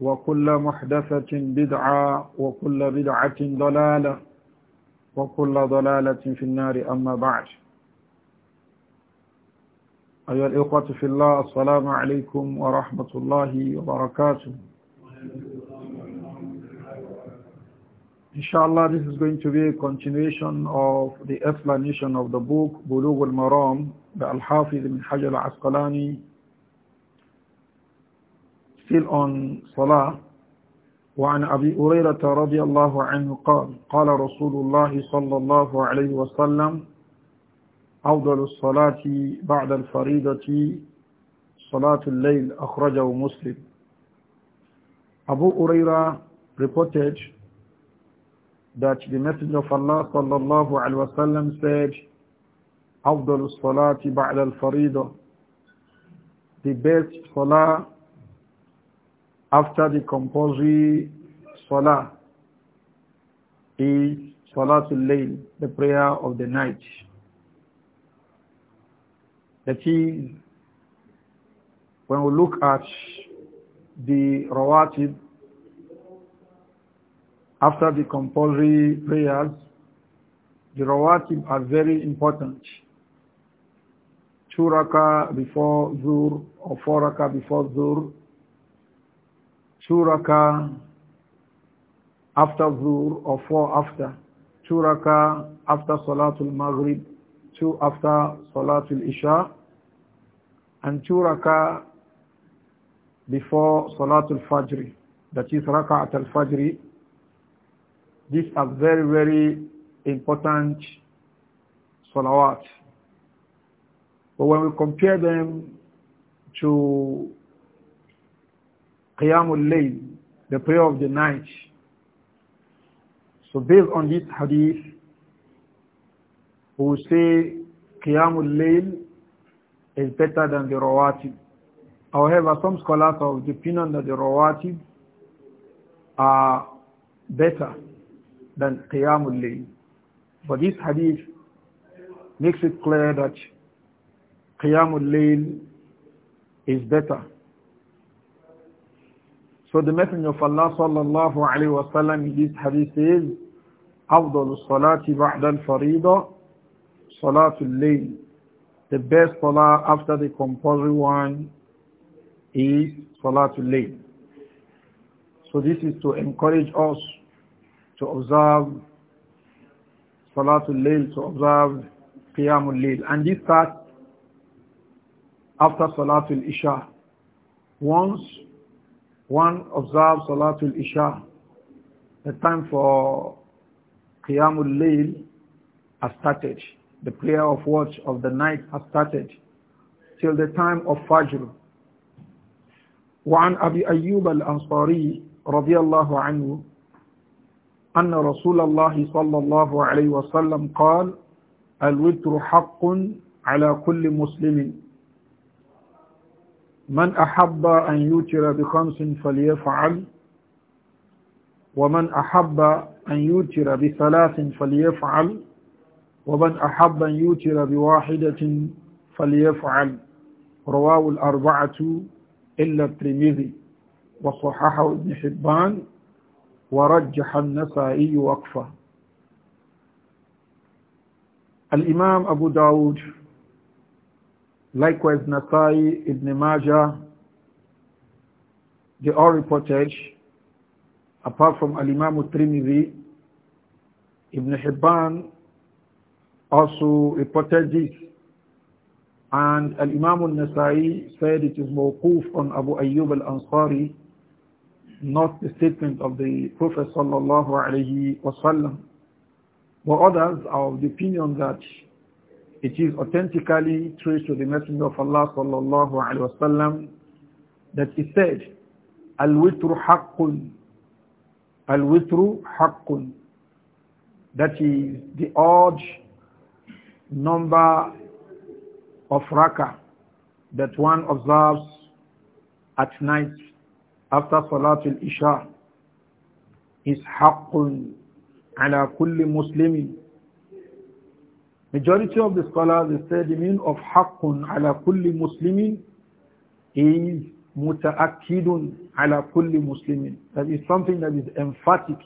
وكل محدثة بدعة وكل بدعة ضلالة وكل ضلالة في النار أما بعد أيها الإخوة في الله السلام عليكم ورحمة الله وبركاته Inshallah, this is going to be a continuation of the explanation of the book Bulugh al-Maram by Al-Hafiz ibn Hajar al-Asqalani still on Salah. وعن أبي أريرة رضي الله عنه قال قال رسول الله صلى الله عليه وسلم أفضل الصلاة بعد الفريضة صلاة الليل أخرجه مسلم أبو أريرة reported that the messenger of Allah صلى الله عليه وسلم said أفضل الصلاة بعد الفريضة the best salah after the compulsory salah is salatul layl, the prayer of the night. That is, when we look at the rawatib, after the compulsory prayers, the rawatib are very important. Two raka before Zuhr or four raka before Zuhr two raka after dhuhr or four after, two raka after Salatul Maghrib, two after Salatul Isha, and two raka before Salatul Fajr, that is Raka'at al-Fajr. These are very, very important salawat. But when we compare them to Qiyamul Layl, the prayer of the night. So based on this hadith, who say Qiyamul Layl is better than the Rawatib. However, some scholars of the opinion that the Rawatib are better than Qiyamul Layl. But this hadith makes it clear that Qiyamul Layl is better so the Messenger of Allah sallallahu alayhi wa sallam in this hadith says, أفضل الصلاة بعد الفريضة صلاة الليل The best salah after the compulsory one is Salatul Layl. So this is to encourage us to observe Salatul Layl, to observe Qiyamul Layl. And this starts after Salatul Isha. Once one observes Salatul Isha, the time for Qiyamul Layl has started. The prayer of watch of the night has started till the time of Fajr. وعن أبي أيوب الأنصاري رضي الله عنه أن رسول الله صلى الله عليه وسلم قال الوتر حق على كل مسلم من أحب أن يوتر بخمس فليفعل ومن أحب أن يوتر بثلاث فليفعل ومن أحب أن يوتر بواحدة فليفعل رواه الأربعة إلا الترمذي وصححه ابن حبان ورجح النسائي وقفه الإمام أبو داود Likewise, Nasai, Ibn Majah, they all reported, apart from Al-Imam al-Trimidhi, Ibn Hibban also reported this. And Al-Imam al-Nasai said it is mawquf on Abu Ayyub al-Ansari, not the statement of the Prophet sallallahu alayhi wasallam, But others are of the opinion that it is authentically traced to the Messenger of Allah sallallahu alaihi wasallam that he said, al witr haqqun." al witr haqqun. That is the odd number of rakah that one observes at night after Salatul Isha is haqqun ala kulli muslimin Majority of the scholars they say the meaning of haqqun ala kulli muslimin is muta'akkidun ala kulli muslimin. That is something that is emphatic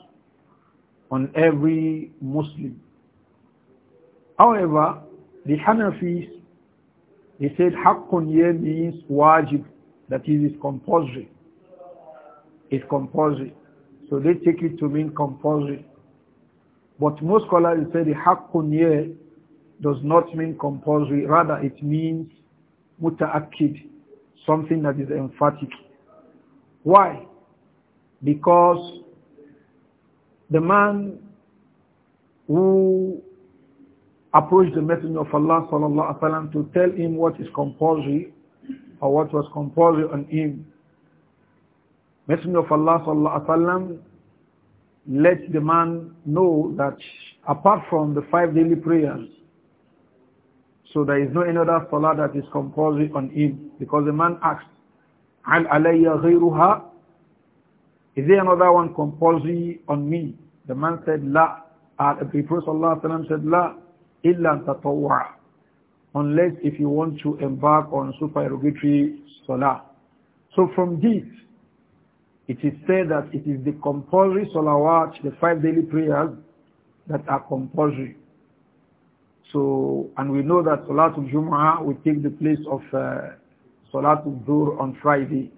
on every Muslim. However, the Hanafis, they said haqqun here means wajib, that is it's compulsory. It's compulsory. So they take it to mean compulsory. But most scholars say the haqqun here does not mean compulsory. Rather, it means muta'akkid, something that is emphatic. Why? Because the man who approached the Messenger of Allah sallallahu alaihi wasallam to tell him what is compulsory or what was compulsory on him. Messenger of Allah sallallahu alaihi wasallam let the man know that apart from the five daily prayers, so there is no another salah that is compulsory on him because the man asked, "Hal alayya ghayruha?" Is there another one compulsory on me? The man said, "La." the Prophet sallallahu said, "La illa tatawwa." Unless if you want to embark on supererogatory salah. So from this, it is said that it is the compulsory salawat, the five daily prayers, that are compulsory. So, and we know that Salatul Jum'ah will take the place of uh, Salatul Dhuhr on Friday.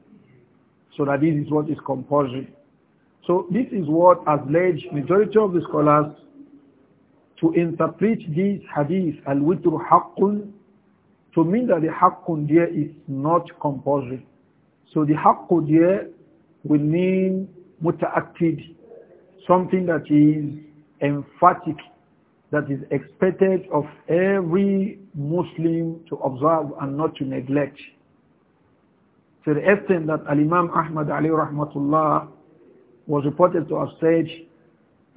So that this is what is compulsory. So this is what has led majority of the scholars to interpret this hadith, al-witr haqqun, to mean that the haqqun there is not compulsory. So the haqqun there will mean muta'akkid, something that is emphatic that is expected of every Muslim to observe and not to neglect. To the extent that Al-Imam Ahmad Ali Rahmatullah was reported to have said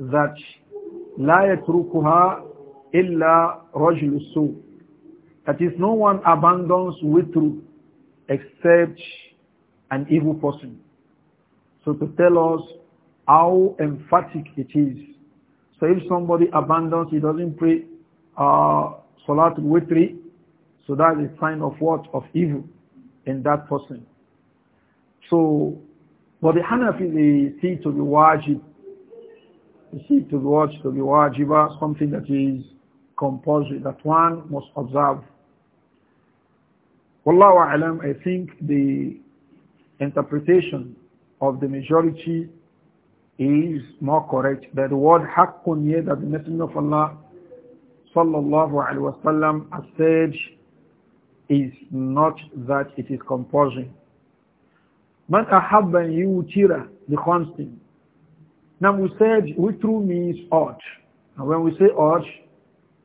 that لا يتركها إلا رجل السوء That is, no one abandons witru except an evil person. So to tell us how emphatic it is so if somebody abandons, he doesn't pray uh, Salatul Witri, so that is a sign of what? Of evil in that person. So, but the Hanafi, they see to be wajib. They see to be watch, to be wajiba, something that is compulsory, that one must observe. Wallahu alam, I think the interpretation of the majority is more correct. That the word haqqun here that the Messenger of Allah sallallahu alaihi wasallam has said is not that it is compulsory. Man ahabba yutira the constant. Now we said witru means odd. And when we say odd,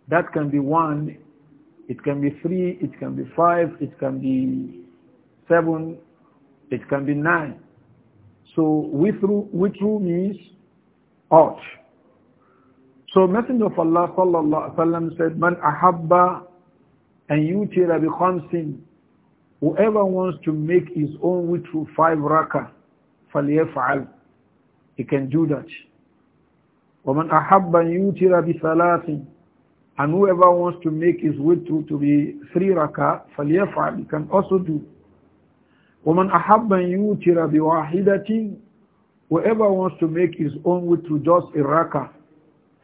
that can be one, it can be three, it can be five, it can be seven, it can be nine. So witru, witru means out. So Messenger of Allah sallallahu alaihi said, "Man ahabba and yutira bi khamsin." Whoever wants to make his own witru five raka, falyaf'al. He can do that. وَمَنْ أَحَبَّ يُوتِرَ بِثَلَاثٍ And whoever wants to make his through to be three raka, فَلْيَفْعَلْ He can also do. وَمَنْ أَحَبَّ يُوتِرَ بِوَاحِدَةٍ Whoever wants to make his own with just a raka,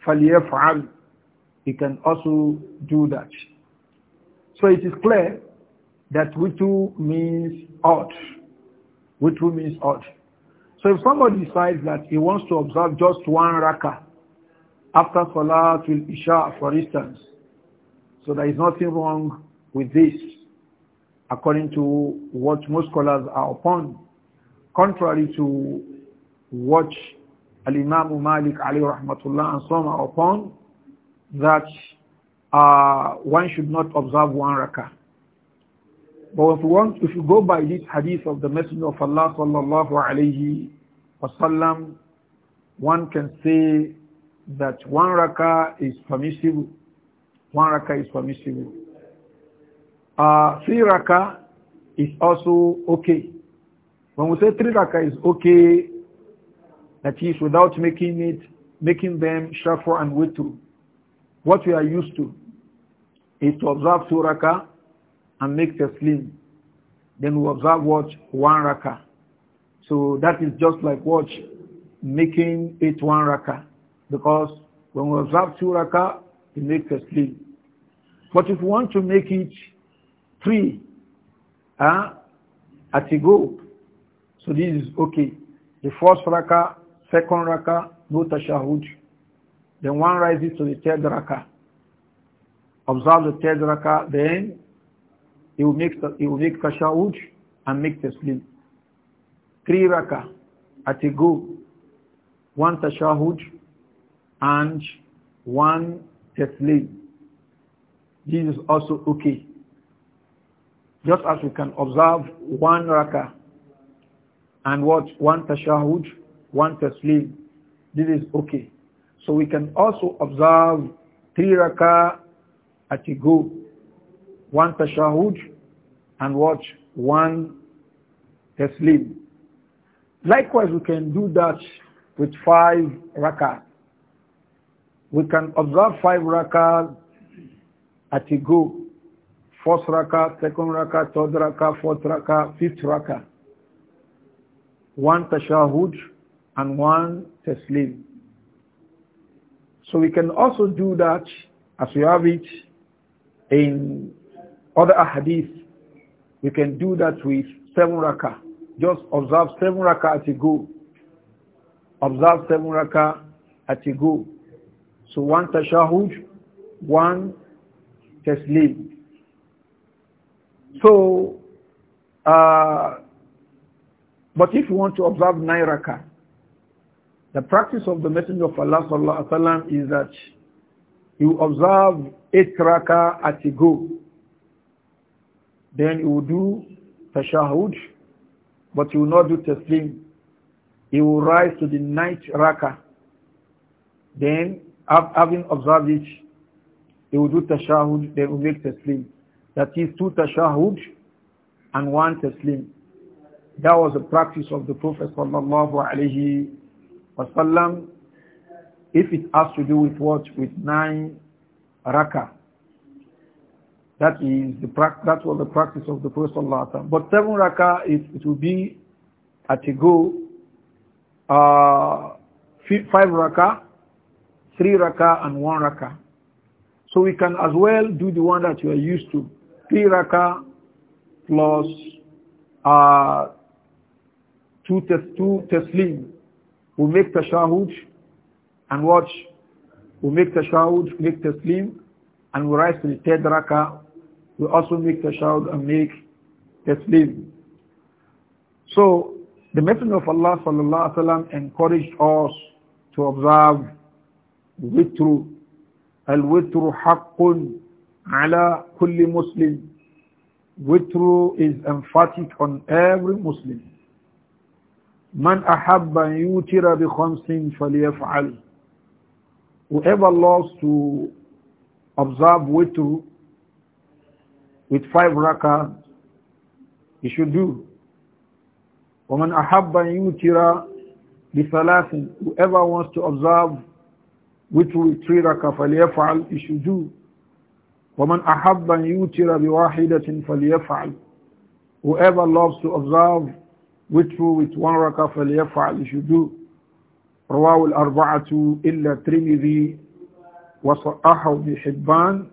فَلْيَفْعَلْ He can also do that. So it is clear that witu means odd. Witu means odd. So if somebody decides that he wants to observe just one raka after Salatul Isha, for instance, so there is nothing wrong with this according to what most scholars are upon, contrary to what Al-Imam Malik Ali Rahmatullah and some are upon, that uh, one should not observe one rakah. But if you, want, if you go by this hadith of the Messenger of Allah sallallahu alayhi wasallam, one can say that one rakah is permissible. One rakah is permissible uh, three raka is also okay. When we say three raka is okay, that is without making it, making them shuffle and to What we are used to is to observe two raka and make taslim. Then we observe what? One raka. So that is just like what? Making it one raka. Because when we observe two raka, we make taslim. But if we want to make it free huh, ah, at a go. So this is okay. The first raka, second raka, no tashahud. Then one rises to the third raka. Observe the third raka, then he will make, he will make tashahud and make the sleep. Three raka at a go. One tashahud and one taslim. This is also okay. Just as we can observe one rakah and what? One tashahud, one taslim. This is okay. So we can also observe three rakah at a go. One tashahud and watch one taslim. Likewise, we can do that with five rakah. We can observe five rakah at a go First raka, second raka, third raka, fourth raka, fifth raka. One tashahud and one taslim. So we can also do that as we have it in other ahadith. We can do that with seven raka. Just observe seven raka as you go. Observe seven raka as you go. So one tashahud, one taslim. So, uh, but if you want to observe nine the practice of the Messenger of Allah sallallahu alaihi wasallam is that you observe eight rakah at a go. Then you will do tashahud, but you will not do taslim. You will rise to the ninth rakah. Then, having observed it, you will do tashahud, then you will make taslim. That is two tashahud and one taslim. That was the practice of the Prophet sallallahu wasallam. If it has to do with what? With nine rakah. That is the that was the practice of the Prophet sallallahu wasallam. But seven rakah, it, it will be at a go. Uh, five rakah, three rakah, and one rakah. So we can as well do the one that you are used to. Tiraka plus uh, two, tes two We make tashahud and watch. We make tashahud, make teslim, and we rise to the third raka. We also make tashahud and make teslim. So the Messenger of Allah sallallahu alaihi wasallam encouraged us to observe witru. Al-witru haqqun ala kulli Muslim. Witru is emphatic on every Muslim. Man ahabba yutira bi khamsin falyaf'al. Whoever loves to observe witru with five rakah, he should do. وَمَنْ أَحَبَّ يُوتِرَ بِثَلَاثٍ Whoever wants to observe witru with three rakah, فَلْيَفْعَلْ He should do. ومن أحب أن يوتر بواحدة فليفعل whoever loves to observe with witru with one raka فليفعل he رواه الأربعة إلا ترمذي وصحه ابن حبان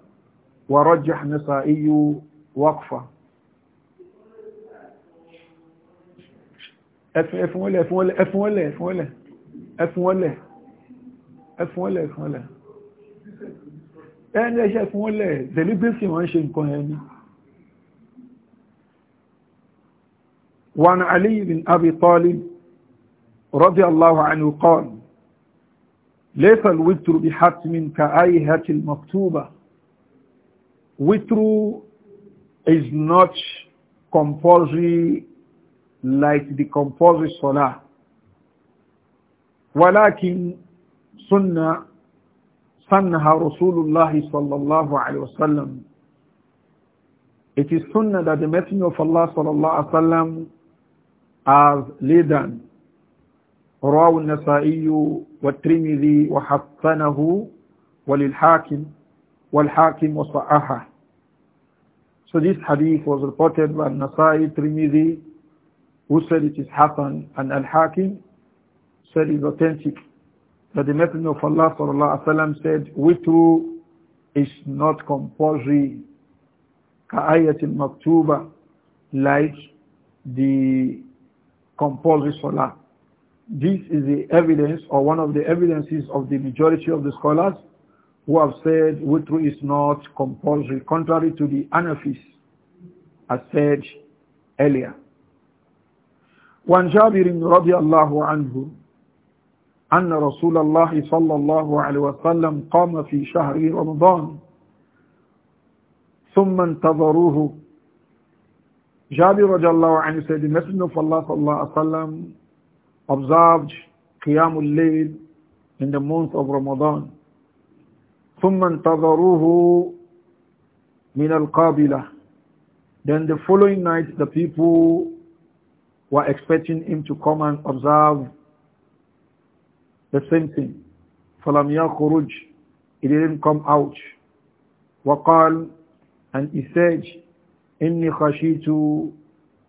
ورجح نسائي وقفة افوله افوله افوله افوله افوله افوله افوله ẹni ẹṣẹ́ fún wọ́n lẹ̀ deliberation sí wọ́n ṣe nǹkan ẹni wọn Ali bin Abi Talib radiyallahu anhu qala laysa al-witru bi hatmin ka'ayhati al-maktuba witru is not compulsory like the compulsory salah walakin sunnah سنها رسول الله صلى الله عليه وسلم. It is sunnah that the Messenger of Allah صلى الله عليه وسلم has laid down. رواه النسائي والترمذي وحسنه وللحاكم والحاكم وصححه. So this hadith was reported by Nasai Trimidi, who said it is Hassan, and Al-Hakim said it is authentic. that the Messenger of Allah sallallahu alaihi wasallam said, "Witru is not compulsory." Ka'ayatin maktuba, like the compulsory salah. This is the evidence or one of the evidences of the majority of the scholars who have said witru is not compulsory, contrary to the Anafis, as said earlier. وعن جابر رضي الله عنه أن رسول الله صلى الله عليه وسلم قام في شهر رمضان ثم انتظروه Jabir رضي الله عنه سيد مسلم صلى الله عليه وسلم wasallam observed Qiyamul Layl in the month of Ramadan. ثم انتظروه من القابلة. Then the following night the people were expecting him to come and observe The same thing. فَلَمْ يَخْرُجْ He didn't come out. وَقَالْ And he said, إِنِّي خَشِيتُ أَنْ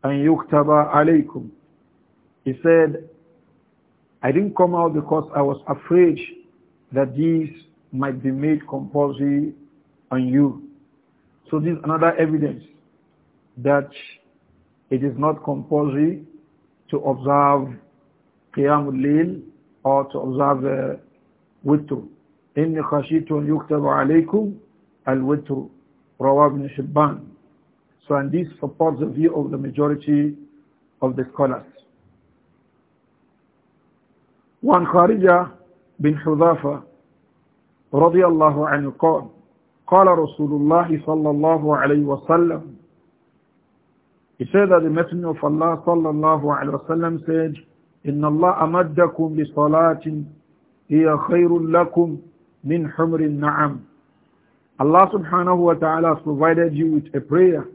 يُكْتَبَ عَلَيْكُمْ He said, I didn't come out because I was afraid that these might be made compulsory on you. So this is another evidence that it is not compulsory to observe Qiyamul Layl or to observe the witr. إِنِّي خَشِيتُ يُكْتَبُ عَلَيْكُمْ الْوِتْرُ Rawab ibn Shibban. So and this supports the view of the majority of the scholars. وعن خارجة بن حذافة رضي الله عن القول قال رسول الله صلى الله عليه وسلم He said that the Messenger of Allah صلى الله عليه وسلم said إن الله أمدكم بصلاة هي خير لكم من حمر النعم Allah subhanahu wa ta'ala has provided you with a prayer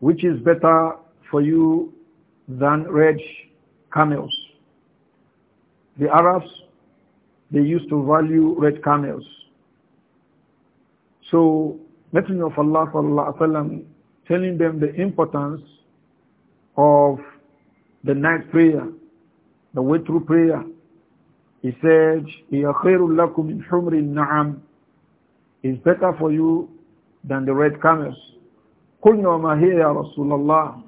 which is better for you than red camels. The Arabs, they used to value red camels. So, Messenger of Allah sallallahu telling them the importance of the night prayer, the way prayer. He said, هِيَ خَيْرٌ لَكُمْ مِنْ حُمْرِ النَّعَمِ is better for you than the red camels. قُلْنَا وَمَا هِيَ يَا رَسُولَ اللَّهِ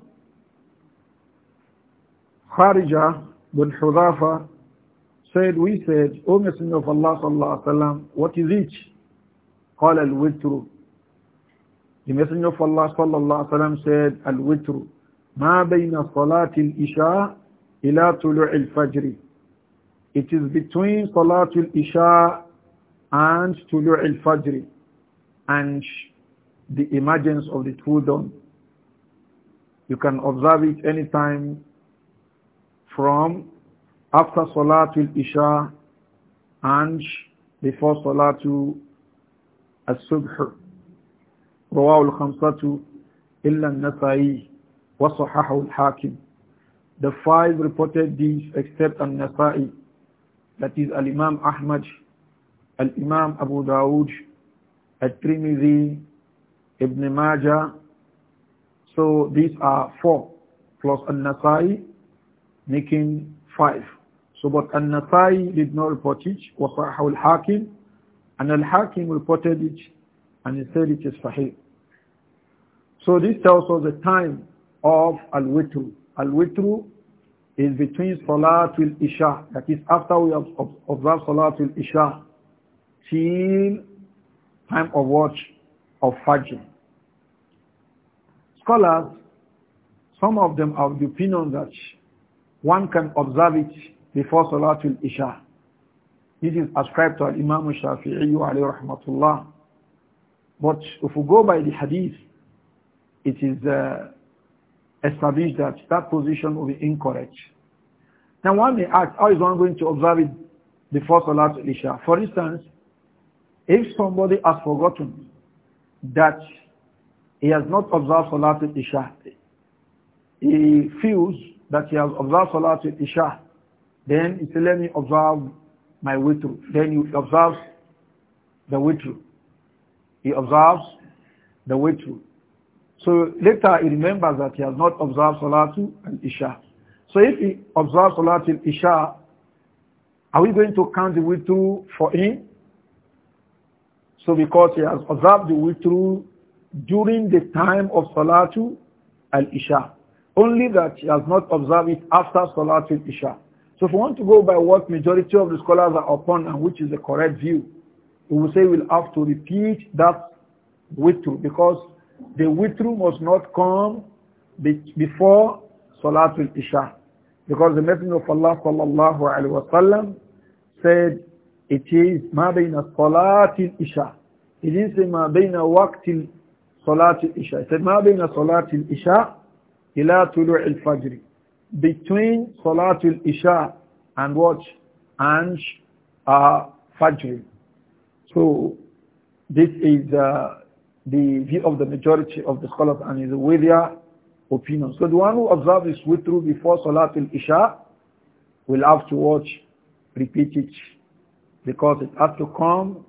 Kharija بن Hudhafa said, we said, O Messenger of Allah sallallahu alaihi wasallam, what is it? قال الوتر. The Messenger of Allah sallallahu alaihi wasallam said, الوتر. It is between al-Isha and al-Fajr, and the emergence of the true dawn. You can observe it anytime from after Salatul Isha and before Salatul As-Subh. رواه الخمسة إلا النسائي وَصَحَحَهُ الْحَاكِمُ The five reported these except An-Nasa'i, that is Al-Imam Ahmad, Al-Imam Abu Dawud, at tirmidhi Ibn Majah. So these are four plus An-Nasa'i, making five. So but An-Nasa'i did not report it, وَصَحَحَهُ الْحَاكِمُ and Al-Hakim reported it and he said it is Sahih. So this tells us the time of Al-Witr. Al-Witr is between Salatul Isha, that is after we have observed Salatul Isha, till time of watch of Fajr. Scholars, some of them have the opinion that one can observe it before Salatul Isha. This is ascribed to Imam Shafi'i alayhi rahmatullah. But if we go by the hadith, it is uh, establish that that position will be incorrect. Now one may ask, how is one going to observe it before Salat Isha? For instance, if somebody has forgotten that he has not observed Salat Isha, he feels that he has observed Salat Isha, then he says, let me observe my through. Then he observes the through. He observes the through. So later he remembers that he has not observed Salatul Isha. So if he observes Salatul Isha, are we going to count the witru for him? So because he has observed the witru during the time of Salatul Isha. Only that he has not observed it after Salatul Isha. So if we want to go by what majority of the scholars are upon and which is the correct view, we will say we'll have to repeat that witru because the witr must not come before Salatul Isha. Because the Messenger of Allah sallallahu alayhi wa sallam said, it is ma bayna Salatul Isha. He didn't say ma bayna waqtil Salatul Isha. He said ma bayna Salatul Isha ila tulu'il fajr. Between Salatul Isha and what? And uh, Fajr. So this is uh, the view of the majority of the scholars and is with their opinion. So the one who observes this witru before Salatul Isha will have to watch, repeat it, because it has to come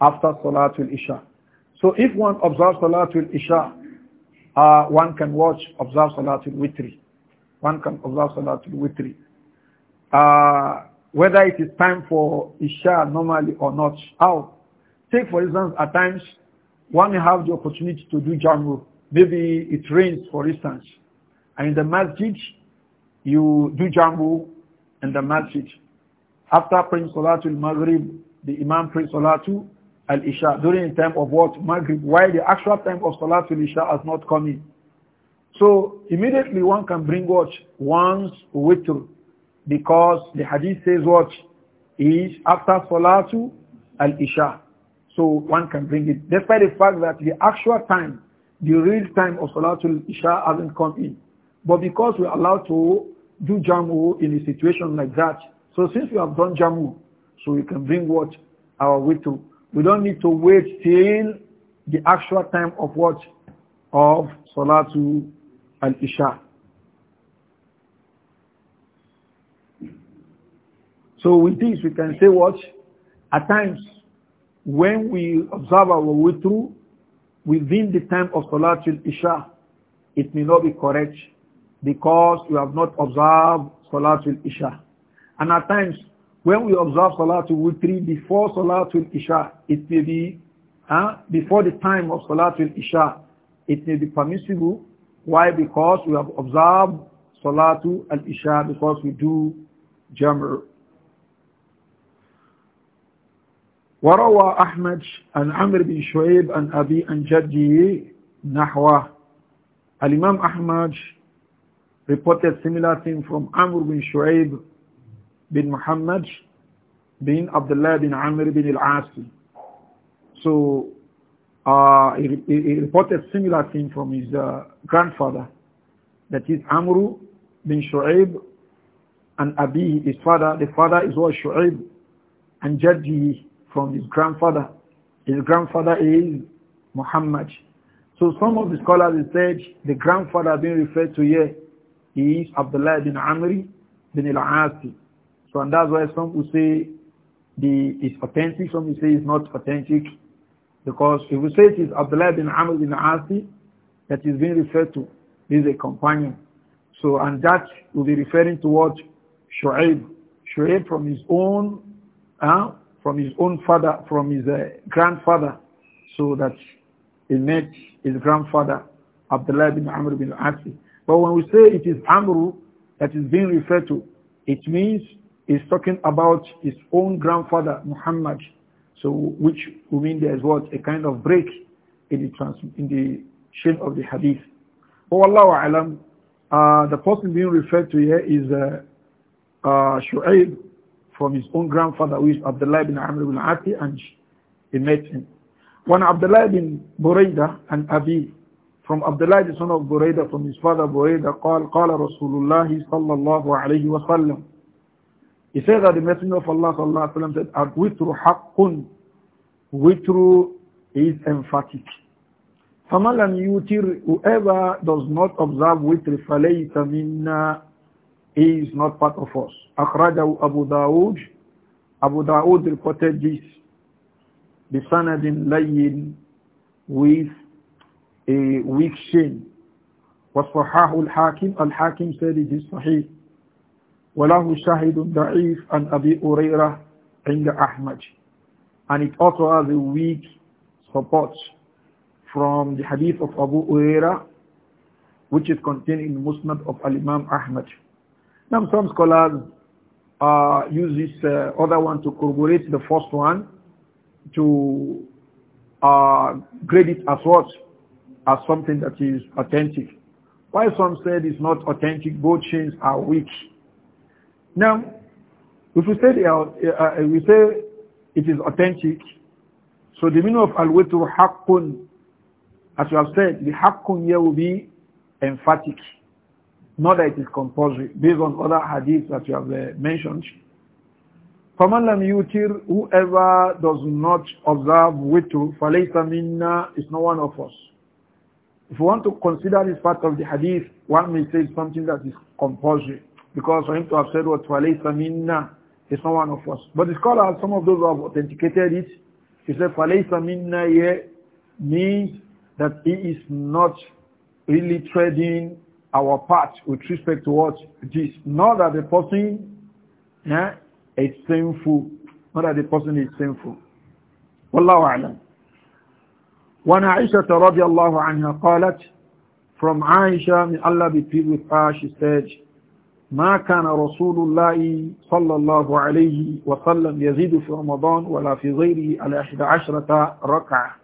after Salatul Isha. So if one observes Salatul Isha, uh, one can watch, observe Salatul Witri. One can observe Salatul Witri. Uh, whether it is time for Isha normally or not. How? Take for instance, at times one have the opportunity to do jamu. Maybe it rains, for instance, and in the masjid, you do jamu in the masjid. After praying Salatul Maghrib, the Imam prays Salatul Al-Isha during the time of what? Maghrib, while the actual time of Salatul Isha has not come in. So immediately one can bring what? One's witr. Because the hadith says what? Is after Salatul Al-Isha. So one can bring it, despite the fact that the actual time, the real time of Salatul Isha hasn't come in. But because we're allowed to do Jamu in a situation like that, so since we have done Jamu, so we can bring what? Our to. We don't need to wait till the actual time of what? Of Salatul Al-Isha. So with this, we can say what? At times, when we observe our witr within the time of Salatul Isha, it may not be correct because we have not observed Salatul Isha. And at times, when we observe Salatul Witri before Salatul Isha, it may be huh, before the time of Salatul Isha, it may be permissible. Why? Because we have observed Salatul isha because we do Jamr. وروى أحمد عن عمرو بن شعيب عن أبي عن جدي نحوه الإمام أحمد reported similar thing from Amr bin Shu'aib bin Muhammad bin Abdullah bin Amr bin al العاص So uh, he, he, reported similar thing from his uh, grandfather, that is Amr bin Shu'aib and أبي his father. The father is also Shu'aib and Jadji from his grandfather. His grandfather is Muhammad. So some of the scholars said the grandfather being referred to here is Abdullah bin Amri bin al-Asi. So and that's why some will say the is authentic, some will say it's not authentic. Because if we say it is Abdullah bin Amr bin Asi that is being referred to, is a companion. So and that will be referring to what? Shu'aib. Shu'aib from his own uh, from his own father, from his uh, grandfather, so that he met his grandfather, Abdullah bin Amr bin Asi. But when we say it is Amr that is being referred to, it means he's talking about his own grandfather, Muhammad. So which we mean there is what? A kind of break in the, trans in the chain of the hadith. Oh Allah alam, uh, the person being referred to here is uh, uh, Shu'aib from his own grandfather, who is Abdullah bin Amr bin Ati, and he met him. When Abdullah bin Buraida and Abi, from Abdullah the son of Buraida, from his father Buraida, قال, قال رسول الله صلى الله عليه وسلم. He said that the Messenger of Allah صلى الله عليه وسلم said, الوتر حق Witru is emphatic. فَمَنْ لَمْ يُوتِرْ Whoever does not observe witr فَلَيْسَ مِنَّا he is not part of us. أخرجه Abu داود Abu Dawood reported this the بسند لين with a weak chain. وصححه الحاكم الحاكم said it is صحيح وله شاهد ضعيف عن أبي هريرة عند أحمد and it also has a weak support from the hadith of Abu Huraira which is contained in Musnad of Al-Imam Ahmad now some scholars uh, use this uh, other one to corroborate the first one to uh, grade it as what? As something that is authentic. Why some said it's not authentic, both chains are weak. Now, if we say, are, uh, uh, we say it is authentic, so the meaning of al-witr haqqun, as you have said, the haqqun here will be emphatic. Not that it is compulsory, based on other hadiths that you have uh, mentioned. فَمَنْ لَمْ يُوتِرْ Whoever does not observe witr, فَلَيْسَ مِنَّا is not one of us. If you want to consider this part of the hadith, one may say something that is compulsory. Because for him to have said what فَلَيْسَ مِنَّا is not one of us. But the scholars, some of those who have authenticated it, he said فَلَيْسَ مِنَّا means that he is not really treading our part with respect to what this. Not that the person yeah, is sinful. Not that the person is sinful. Wallahu a'lam. وعن عائشة رضي الله عنها From Aisha, may Allah be pleased with her, she said, ما كان رسول الله صلى الله عليه وسلم يزيد في رمضان ولا في غيره على 11 ركعة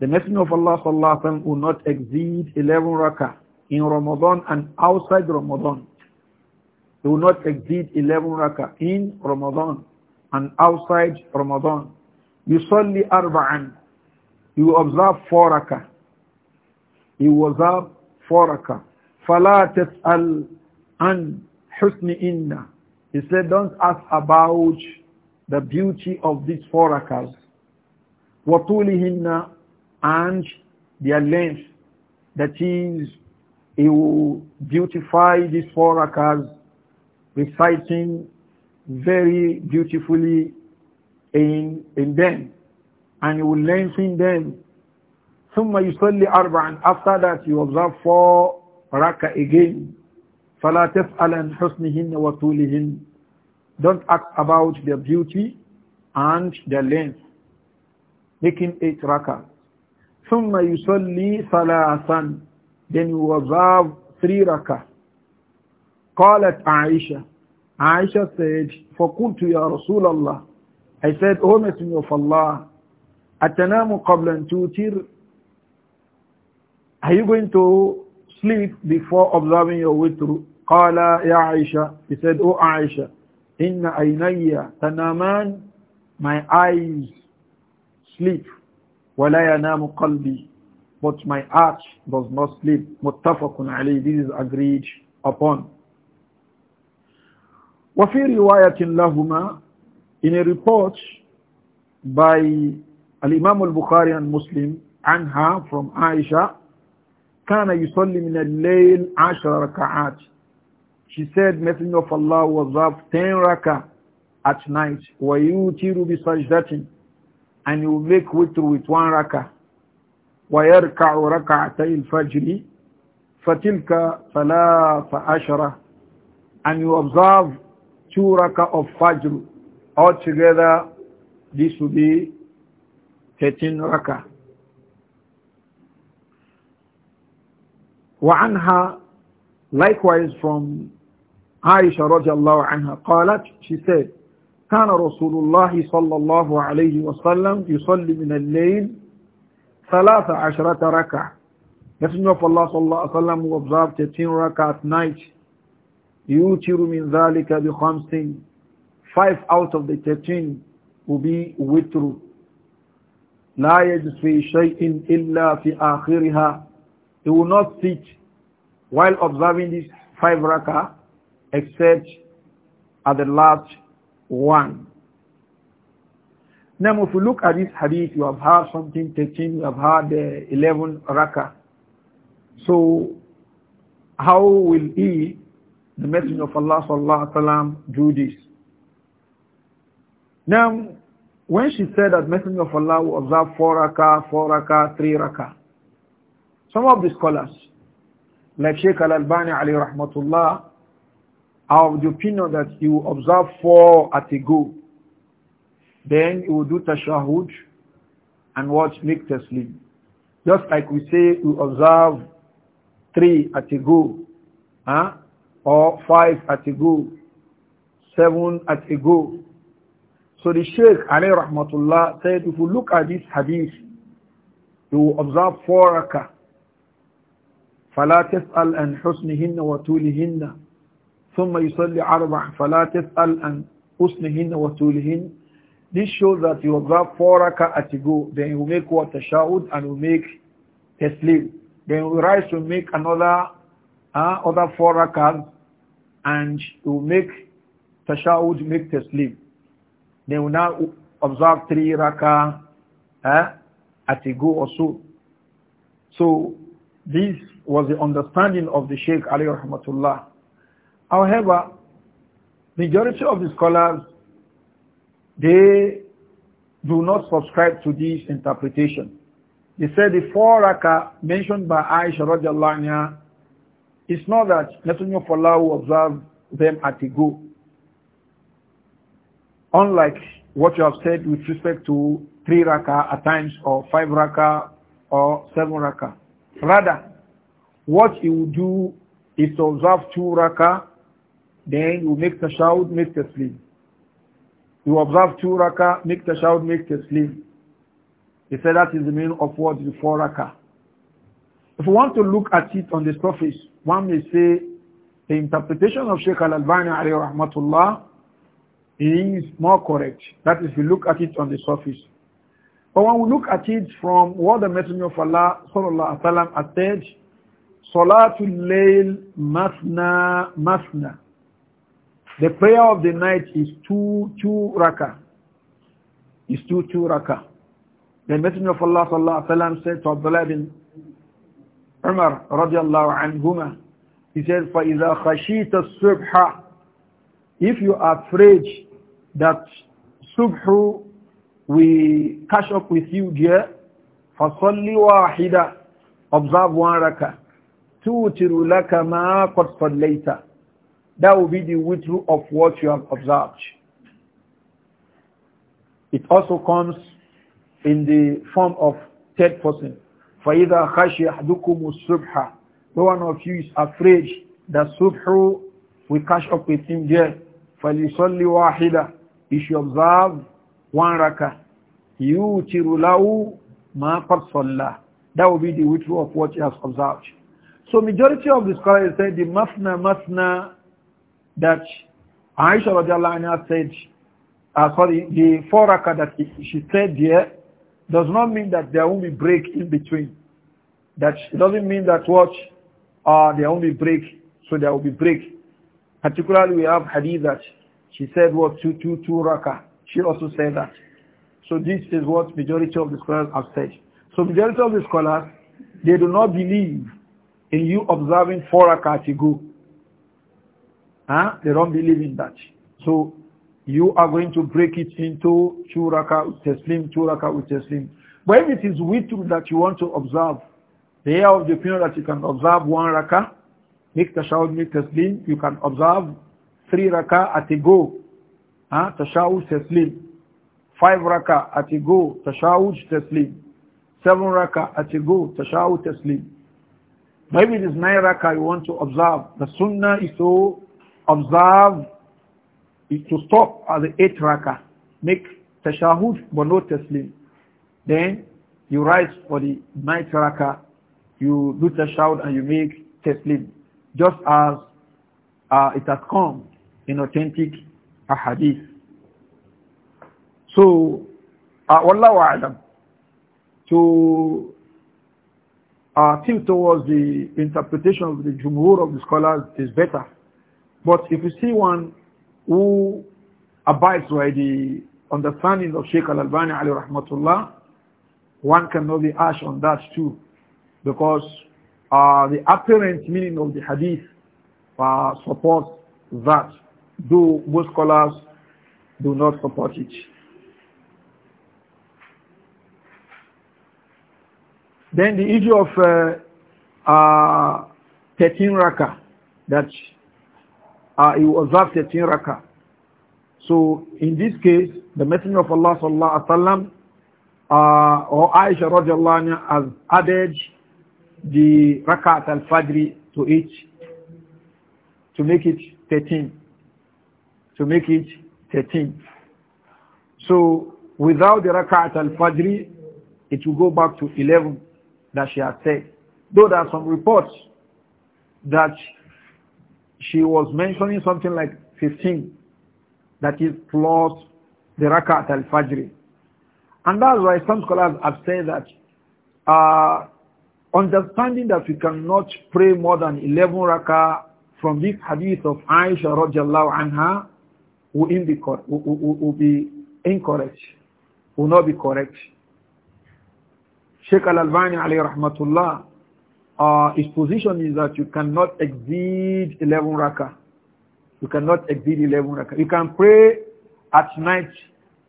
the Messenger of Allah sallallahu alaihi wasallam will not exceed 11 rakah in Ramadan and outside Ramadan. He will not exceed 11 rakah in Ramadan and outside Ramadan. You Yusalli arba'an. You observe four rakah. was observe four rakah. فَلَا تَسْأَلْ عَنْ حُسْنِ إِنَّا He said, don't ask about the beauty of these four rakahs. وَطُولِهِنَّ and their length. That is, he will beautify these four rakas, reciting very beautifully in, in them. And he will lengthen them. ثم يصلي أربعا after that you observe four raka again فلا تسأل عن حسنهن وطولهن don't ask about their beauty and their length making eight raka ثم يصلي ثلاثا then you observe three raka قالت عائشة عائشة said فقلت يا رسول الله I said oh messenger of Allah أتنام قبل أن توتر Are you going to sleep before observing your witr? قال يا عائشة He said, Oh عائشة إن عيني تنامان My eyes sleep. وَلَا يَنَامُ قَلْبِي But my heart does not sleep. مُتَّفَقٌ عَلَيْهِ This is agreed upon. وَفِي رِوَايَةٍ لَهُمَا In a report by الإمام البخاري and Muslim عنها from عائشة كان يصلي من الليل عشر ركعات She said, Messenger of Allah was up 10 rakah at night. وَيُوتِرُ بِسَجْدَةٍ and you make witr with one rakah ويركع ركعتي الفجر فتلك ثلاث عشرة and you observe two raka of fajr altogether this will be 13 raka وعنها likewise from Aisha رضي الله عنها she said كان رسول الله صلى الله عليه وسلم يصلي من الليل ثلاث عشرة ركعة يسمى الله صلى الله عليه وسلم وابزاب تتين ركعة نايت يوتر من ذلك بخمسين five out of the thirteen will be witr لا يجد في شيء إلا في آخرها he will not sit while observing this five ركعة except at the last one. Now, if you look at this hadith, you have had something 13, you have had uh, 11 rakah. So, how will he, the Messenger of Allah sallallahu alaihi wasallam, do this? Now, when she said that Messenger of Allah will observe four rakah, four rakah, three rakah, some of the scholars, like Sheikh Al-Albani alayhi rahmatullah, are of the opinion that he will observe four at a go. Then he will do tashahud and watch make taslim. Just like we say we observe three at a go, huh? or five at a go, seven at a go. So the Sheikh Ali rahmatullah said if you look at this hadith, you will observe four rakah. فَلَا تَسْأَلْ أَنْ حُسْنِهِنَّ وَتُولِهِنَّ ثم يصلي أربع فلا تسأل عن حسنهن وطولهن This shows that you observe four rak'ah at go, then you make what tashahud and you make taslim. Then you rise to make another uh, other four rak'ahs and you make tashahud, make taslim. Then you now observe three rak'ah uh, at go or so. So this was the understanding of the Sheikh Ali rahmatullah However, majority of the scholars, they do not subscribe to this interpretation. They say the four rakah mentioned by Aisha radiallahu anha, it's not that Netanyahu of Allah observed them at a go. Unlike what you have said with respect to three rakah at times or five rakah or seven rakah. Rather, what he would do is to observe two rakah then you make tashahud, make taslim. You observe two raka, make tashahud, make taslim. He said that is the meaning of what the four rakah. If you want to look at it on the surface, one may say the interpretation of Sheikh Al-Albani alayhi rahmatullah is more correct. That is, if you look at it on the surface. But when we look at it from what the Messenger of Allah sallallahu alaihi wasallam said, Salatul Layl Masna Masna. The prayer of the night is two, two rakah. Is two, two rakah. The Messenger of Allah sallallahu said to Abdullah bin Umar radiallahu anhuma, he said, فَإِذَا خَشِيتَ If you are afraid that subhu we catch up with you dear, فَصَلِّ وَاحِدَ Observe one rakah. تُوْتِرُ لَكَ مَا قَدْ صَلَّيْتَ that will be the withdrawal of what you have observed. It also comes in the form of third person. فَإِذَا خَشِيَ أَحْدُكُمُ الصُّبْحَ No one of you is afraid that subhu will catch up with him there. فَلِصَلِّ وَاحِدًا He should observe one rakah. يُوتِرُ لَهُ مَا قَدْ That will be the withdrawal of what he has observed. So majority of the scholars say the mafna mafna that Aisha radiallahu anha said, uh, sorry, the four rakah that she said there does not mean that there won't be break in between. That doesn't mean that what uh, there won't be break, so there will be break. Particularly we have hadith that she said what two two two rakah. She also said that. So this is what majority of the scholars have said. So majority of the scholars, they do not believe in you observing four rakah to go. Huh? They don't believe in that. So you are going to break it into two raka with taslim, two raka with taslim. But if it is witr that you want to observe, the year of the opinion that you can observe one raka, make tashahud, make taslim, you can observe three raka at a go, huh? tashahud, taslim. Five raka at a go, tashahud, taslim. Seven raka at a go, tashahud, taslim. Maybe it is nine raka you want to observe. The sunnah is so observe to stop at the eight rakah, make tashahud but no taslim. Then you rise for the ninth rakah, you do tashahud and you make taslim, just as uh, it has come in authentic ahadith. So, uh, wallahu a'lam, to uh, tilt towards the interpretation of the jumhur of the scholars is better. But if you see one who abides by the understanding of Sheikh Al-Albani Ali Rahmatullah, one can know the ash on that too. Because uh, the apparent meaning of the hadith uh, supports that, though most scholars do not support it. Then the issue of uh, uh, 13 raka that uh, he observed 13 rakah. So in this case, the Messenger of Allah sallallahu alaihi wasallam uh, or Aisha radiallahu anha has added the rakat al-fajr to it to make it 13 to make it 13 so without the rakat al-fajr it will go back to 11 that she has said though there are some reports that she was mentioning something like 15, that is plus the rakaat al-fajr. And that's why some scholars have said that uh, understanding that we cannot pray more than 11 rakaat from this hadith of Aisha radiallahu anha will, be, will be incorrect, will not be correct. Sheikh Al-Albani alayhi rahmatullah uh, his position is that you cannot exceed 11 rakah. You cannot exceed 11 rakah. You can pray at night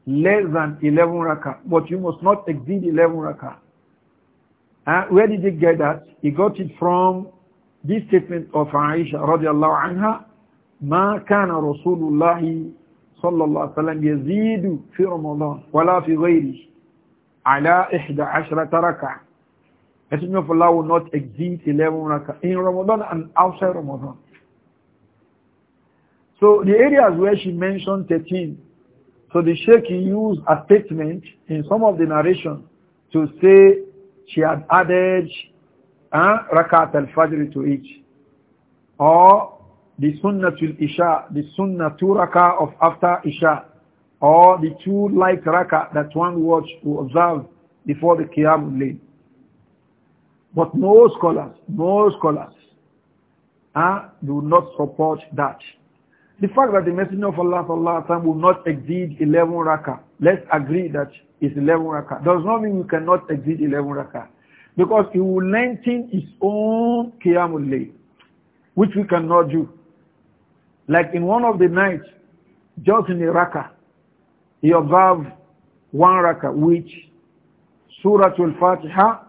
less than 11 rakah, but you must not exceed 11 rakah. Uh, where did he get that? He got it from this statement of Aisha radiallahu anha, ما كان رسول الله صلى الله عليه وسلم يزيد في رمضان ولا في غيره على إحدى عشرة ركعة Messenger of Allah will not exceed 11 rakah in Ramadan and outside Ramadan. So the areas where she mentioned 13, so the Sheikh used a statement in some of the narration to say she had added uh, rakat al-fajr to each. Or the sunnatul isha, the sunnatul raka of after isha. Or the two light raka that one watch to observe before the qiyamul layl. But most scholars, most scholars, uh, do not support that. The fact that the Messenger of Allah Allah, time will not exceed 11 rakah, let's agree that it's 11 rakah, does not mean we cannot exceed 11 rakah. Because he will lengthen his own qiyamul layl, which we cannot do. Like in one of the nights, just in a rakah, he observed one rakah, which Surah Al-Fatiha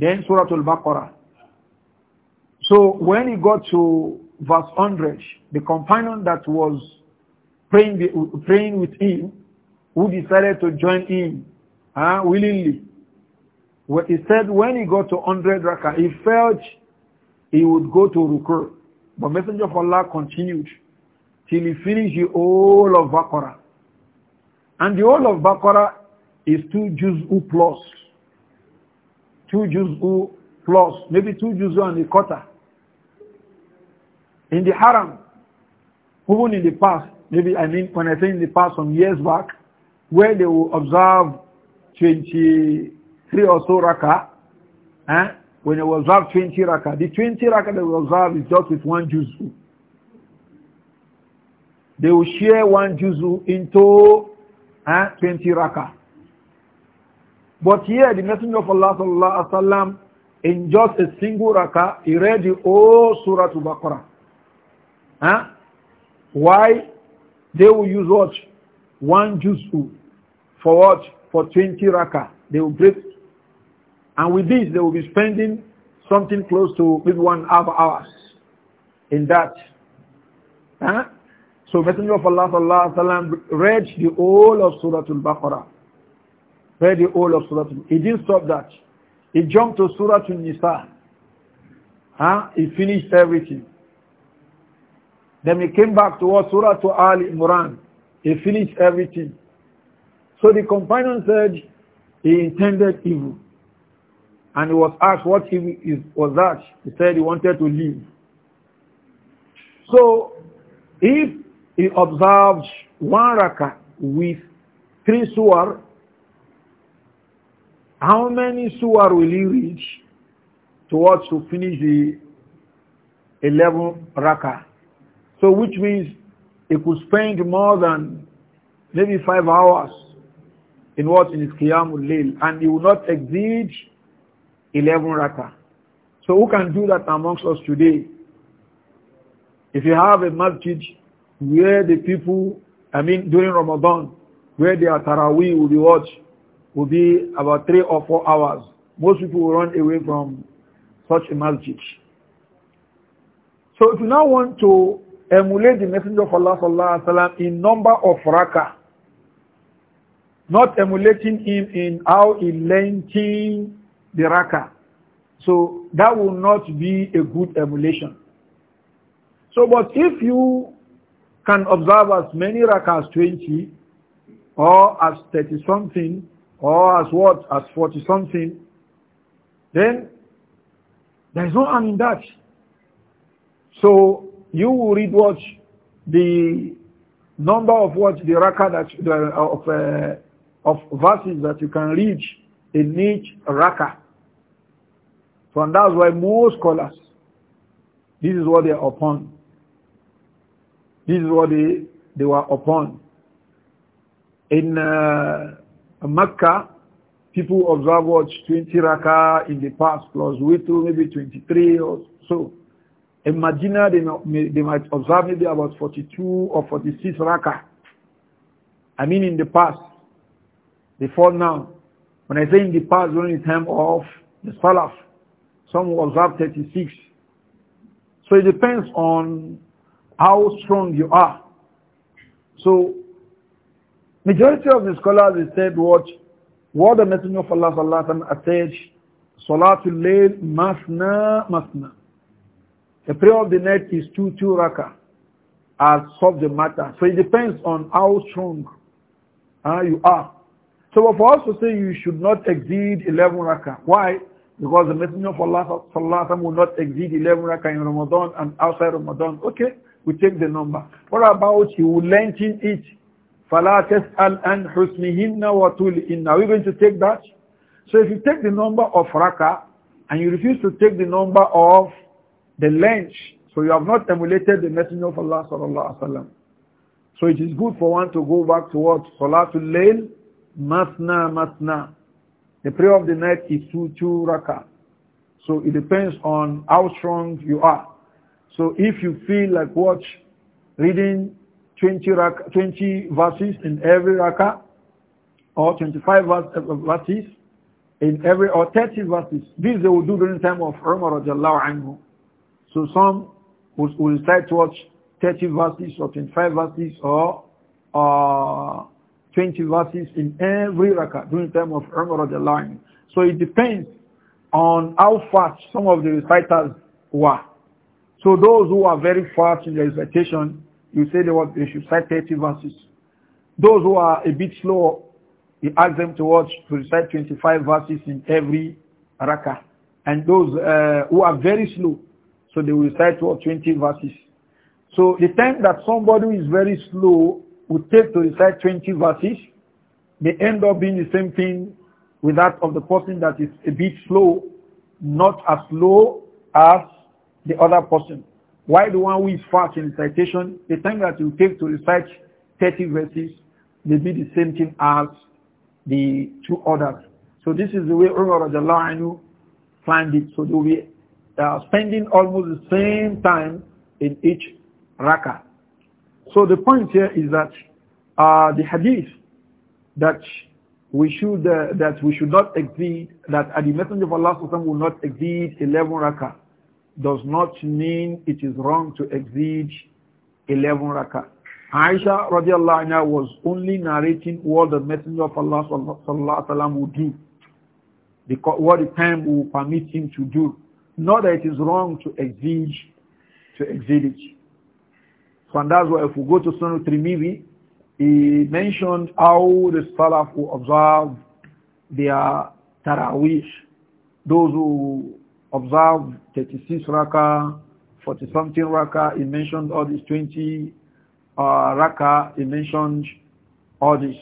then Surah Al-Baqarah. So when he got to verse 100, the companion that was praying, praying with him, who decided to join him uh, willingly, he said when he got to 100 rakah, he felt he would go to rukur. But Messenger of Allah continued till he finished the whole of Baqarah. And the whole of Baqarah is two Juz'u plus two juz'u plus, maybe two juz'u and a quarter. In the haram, even in the past, maybe I mean when I say in the past, some years back, where they will observe 23 or so raka. eh? when they will observe 20 raka, the 20 raka they will observe is just with one juz'u. They will share one juz'u into eh, 20 raka. But here the Messenger of Allah sallallahu alaihi wasallam in just a single raka, he read the whole Surah Al-Baqarah. Huh? Why? They will use what? One juz'u. For what? For 20 raka? They will break. And with this, they will be spending something close to maybe one half hours in that. Huh? So Messenger of Allah sallallahu alaihi wasallam read the whole of Surah Al-Baqarah read the whole of Surah. He didn't stop that. He jumped to Surah Nisa. Huh? He finished everything. Then he came back to what Surah to Ali Imran. He finished everything. So the companion said he intended evil. And he was asked what evil is, was that. He said he wanted to leave. So if he observed one raka with three surah how many surah will you reach towards to finish the 11 raka? So which means it could spend more than maybe five hours in what in his Qiyamul lil, and he will not exceed 11 raka. So who can do that amongst us today? If you have a masjid where the people, I mean during Ramadan, where their taraweeh will be watched, will be about three or four hours. Most people will run away from such a masjid. So if you now want to emulate the Messenger of Allah sallallahu in number of rakah, not emulating him in how he lengthened the rakah, so that will not be a good emulation. So, but if you can observe as many rakahs 20 or as 30 something, or as what? As 40 something, then there is no harm in that. So you will read what the number of what the raka that the, of uh, of verses that you can reach in each raka. So and that's why most scholars, this is what they are upon. This is what they they were upon. In uh, Mecca, people observe what 20 raka in the past plus witr maybe 23 or so. In Medina, they, may, they might observe maybe about 42 or 46 raka. I mean in the past, before now. When I say in the past, during the time of the Salaf, some will observe 36. So it depends on how strong you are. So Majority of the scholars they said what what the Messenger of Allah sallallahu alaihi wasallam said, Salatul Layl masna masna. The prayer of the night is two two raka as the matter. So it depends on how strong uh, you are. So for us to say you should not exceed 11 rakah. Why? Because the Messenger of Allah sallallahu will not exceed 11 rakah in Ramadan and outside Ramadan. Okay, we take the number. What about you lengthen it are we going to take that? So if you take the number of raka and you refuse to take the number of the length, so you have not emulated the messenger of Allah sallallahu alaihi wasallam. So it is good for one to go back to what Salatul Layl, Masna Masna. The prayer of the night is two, two raka. So it depends on how strong you are. So if you feel like watch, reading 20, rak, 20 verses in every rakah, or 25 uh, verses in every, or 30 verses. This they will do during the time of Umar anhu. So some will, will to watch 30 verses or 25 verses or uh, 20 verses in every rakah during the time of Umar anhu. So it depends on how fast some of the reciters were. So those who are very fast in the recitation, you say they, want, they should recite 30 verses. Those who are a bit slow, you ask them to watch, to recite 25 verses in every rakah. And those uh, who are very slow, so they will recite 20 verses. So the time that somebody who is very slow would take to recite 20 verses, may end up being the same thing with that of the person that is a bit slow, not as slow as the other person. Why the one who is fast in citation, the time that you take to recite 30 verses may be the same thing as the two others. So this is the way Umar anhu planned it. So they will be uh, spending almost the same time in each raka. So the point here is that uh, the hadith that we should uh, that we should not exceed that the messenger of Allah will not exceed 11 rakah does not mean it is wrong to exceed 11 rakah. Aisha radiallahu anha was only narrating what the Messenger of Allah sallallahu alaihi would do, because what the time will permit him to do. Not that it is wrong to exceed, to exceed it. So and that's why if we go to Sunnah Trimiri, he mentioned how the Salaf will observe their Taraweeh, those who observed 36 raka, 40 something raka. he mentioned all these 20 uh, rakah, he mentioned all this.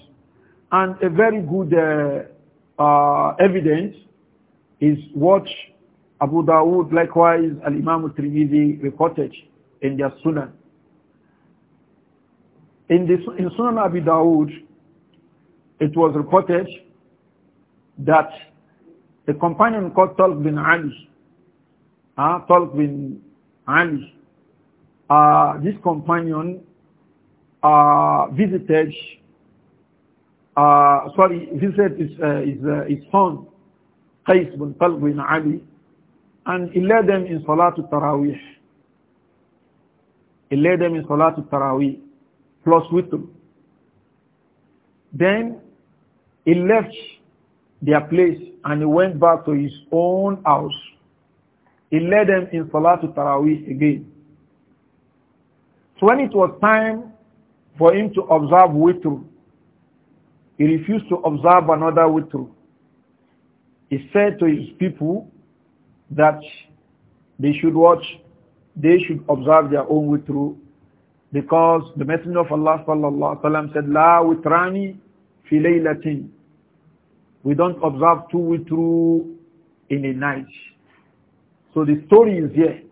And a very good uh, uh, evidence is what Abu Dawood, likewise Al-Imam al-Tirmidhi reported in their Sunan. In, the, in Sunan Abu Dawood, it was reported that a companion called Talq bin Ali uh, Talq bin Ali, uh, this companion uh, visited, uh, sorry, visited his, uh, his, uh, his son, Qais bin Talq bin Ali, and he led them in Salatul Taraweeh. He led them in Salatul Taraweeh, plus them. Then he left their place and he went back to his own house. He led them in Salatul Taraweeh again. So when it was time for him to observe witr, he refused to observe another witr. He said to his people that they should watch, they should observe their own witr because the Messenger of Allah sallallahu alaihi said, "La witrani fi laylatin." We don't observe two witr in a night. So the story is here,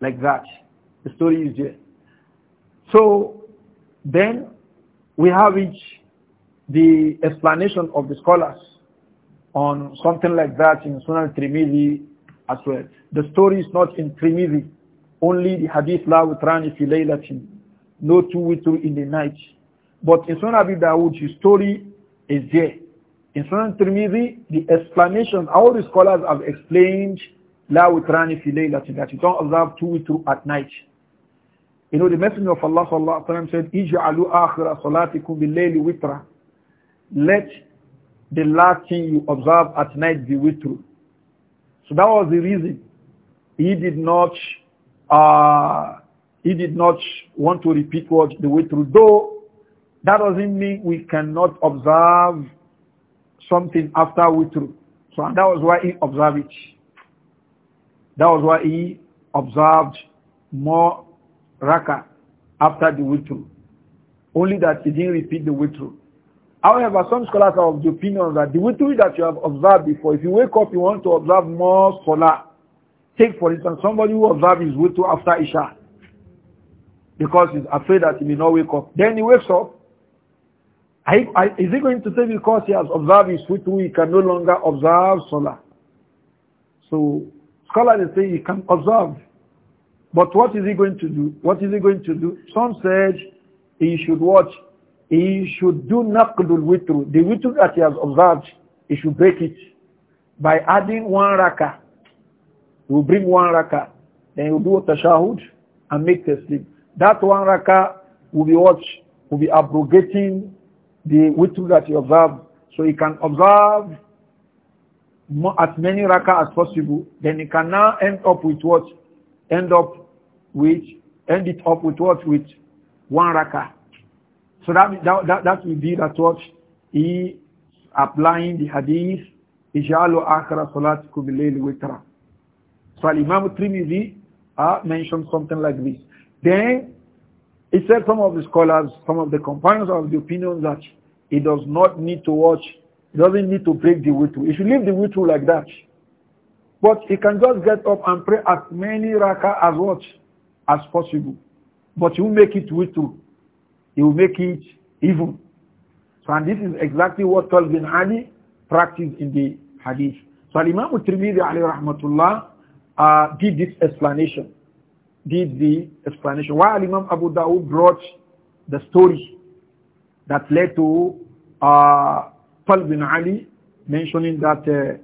like that. The story is here. So then we have each the explanation of the scholars on something like that in Sunan Trimidi as well. The story is not in Trimidi, only the hadith la witran fi laylatin, no two witr in the night. But in Sunan Abi Dawud, the story is there. In Sunan Trimidi, the explanation, all the scholars have explained La witrani fi laylatin, that you don't observe two witr at night. You know, the Messenger of Allah sallallahu wa said, Ij'alu akhira salatikum bil layli witra. Let the last thing you observe at night be witr. So that was the reason. He did not, uh, he did not want to repeat what the witr, though that doesn't mean we cannot observe something after witr. So that was why he observed it. That was why he observed more raka after the witr. Only that he didn't repeat the witr. However, some scholars are of the opinion that the witr that you have observed before, if you wake up, you want to observe more solar. Take, for instance, somebody who observes his witr after Isha because he's afraid that he may not wake up. Then he wakes up. I, I, is he going to say because he has observed his witr, he can no longer observe solar? So Scholars say he can observe. But what is he going to do? What is he going to do? Some said he should watch. He should do naqdul witr. The witr that he has observed, he should break it by adding one raka. He will bring one raka. Then he will do a tashahud and make the sleep. That one raka will be watched, will be abrogating the witr that he observed. So he can observe as many rakah as possible, then he can now end up with what? End up with, end it up with what? With one raka'. So that, that, that, that will be that what he applying the hadith, Ijalu akhara salatikum bilayli witra. So Imam Trimidi uh, mentioned something like this. Then he said some of the scholars, some of the companions of the opinion that he does not need to watch he doesn't need to break the ritual. He should leave the ritual like that. But he can just get up and pray as many rakah as what? As possible. But he will make it ritual. He will make it even. So and this is exactly what Tal bin Ali practiced in the hadith. So Imam al-Tirmidhi alayhi rahmatullah uh, did this explanation. Did the explanation. Why Imam Abu Dawud brought the story that led to uh, Talib bin Ali mentioning that uh,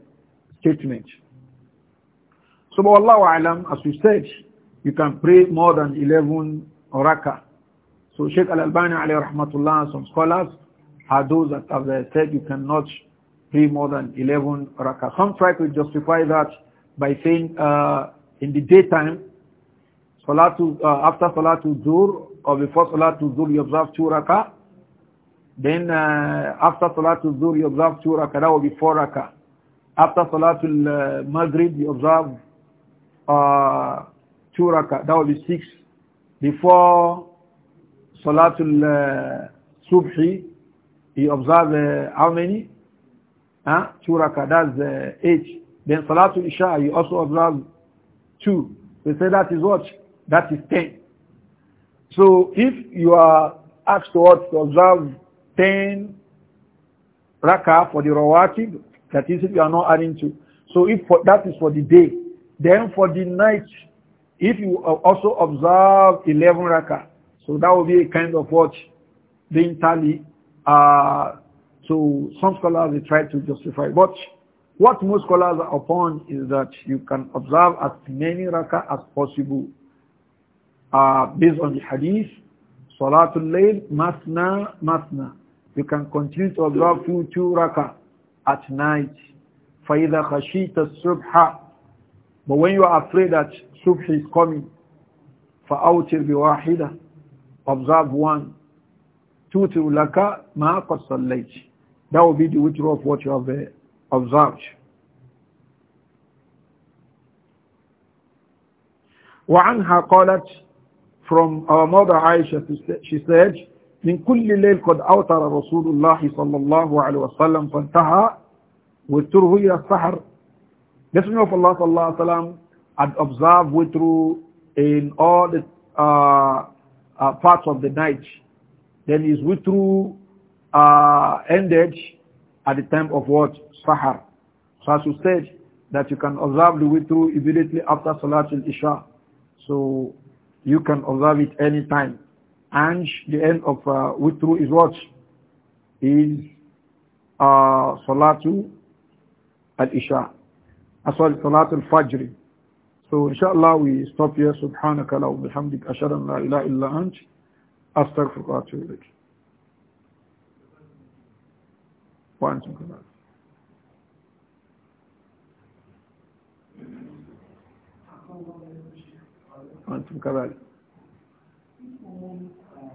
statement. So, but Allah alam, as we said, you can pray more than 11 raka. So Sheikh Al-Albani alayhi rahmatullah, some scholars are those that have uh, said you cannot pray more than 11 raka. Some try to justify that by saying uh, in the daytime, salatu, uh, after Salatul Dhuhr or before Salatul Dhuhr, you observe two raka. Then uh, after Salatul Zuhr, you observe two rakah, will rakah. After Salatul uh, Maghrib, you observe uh, two rakah, that will be six. Before Salatul uh, Subhi, you observe uh, how many? Huh? Two rakah, that's uh, eight. Then Salatul Isha, you also observe two. They say that is what? That is ten. So if you are asked to observe 10 raka for the rawatib, that is if you are not adding to. So if for, that is for the day, then for the night, if you uh, also observe 11 raka, so that will be a kind of what being tally. Uh, so some scholars they try to justify. But what most scholars are upon is that you can observe as many raka as possible uh, based on the hadith. Salatul Layl, Masna, Masna. You can continue to observe two, two rakah at night. فَإِذَا خَشِيتَ subha, But when you are afraid that subh is coming, فَأَوْتِرْ بِوَاحِدَةٍ Observe one. تُوتِرُ لَكَ مَا قَدْ That will be the withdrawal of what you have uh, observed. وعنها قالت from our mother Aisha she said من كل ليل قد أوتر رسول الله صلى الله عليه وسلم فانتهى وتره إلى السحر The Messenger of Allah صلى الله عليه وسلم had observed witru in all the uh, uh, parts of the night. Then his witru uh, ended at the time of what? Sahar. So as you said, that you can observe the witru immediately after Salatul Isha. So you can observe it any time and the end of uh, witru is what? Is uh, Salatu al-Isha. As well as Salatu al-Fajr. So inshallah we stop here. Subhanaka la bihamdik ashadan la ilaha illa ant. Astaghfiruka wa atubu ilayk. Wa antum kadhalik. وأنتم كذلك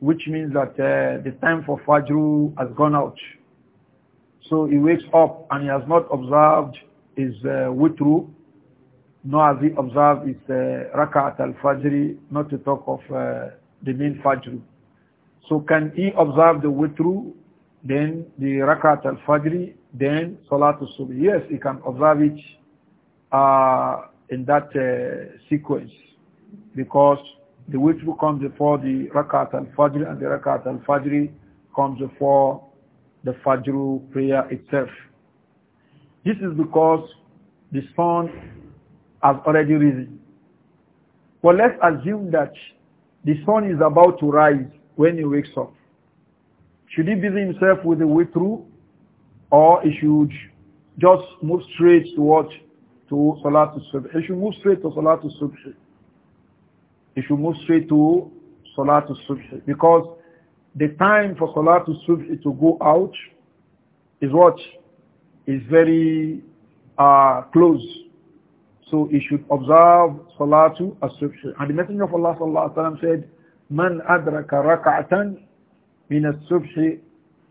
which means that uh, the time for Fajr has gone out. So he wakes up and he has not observed his uh, witru, nor has he observed his uh, Raka'at al-Fajr, not to talk of uh, the main Fajr. So can he observe the witru, then the Raka'at al-Fajr, then Salatul Subh? Yes, he can observe it uh, in that uh, sequence because the witr comes before the rakat al-fajr and the rakat al-fajr comes before the fajr prayer itself. This is because the sun has already risen. But let's assume that the sun is about to rise when he wakes up. Should he busy himself with the witr or he should just move straight towards to Salatul Subh? He should move straight to Salatul Subh you should move straight to Salatul Subh because the time for Salatul Subh to go out is what? Is very uh, close. So he should observe Salatul Subh. And the Messenger of Allah Sallallahu Alaihi Wasallam said, من أدرك ركعة من الصبح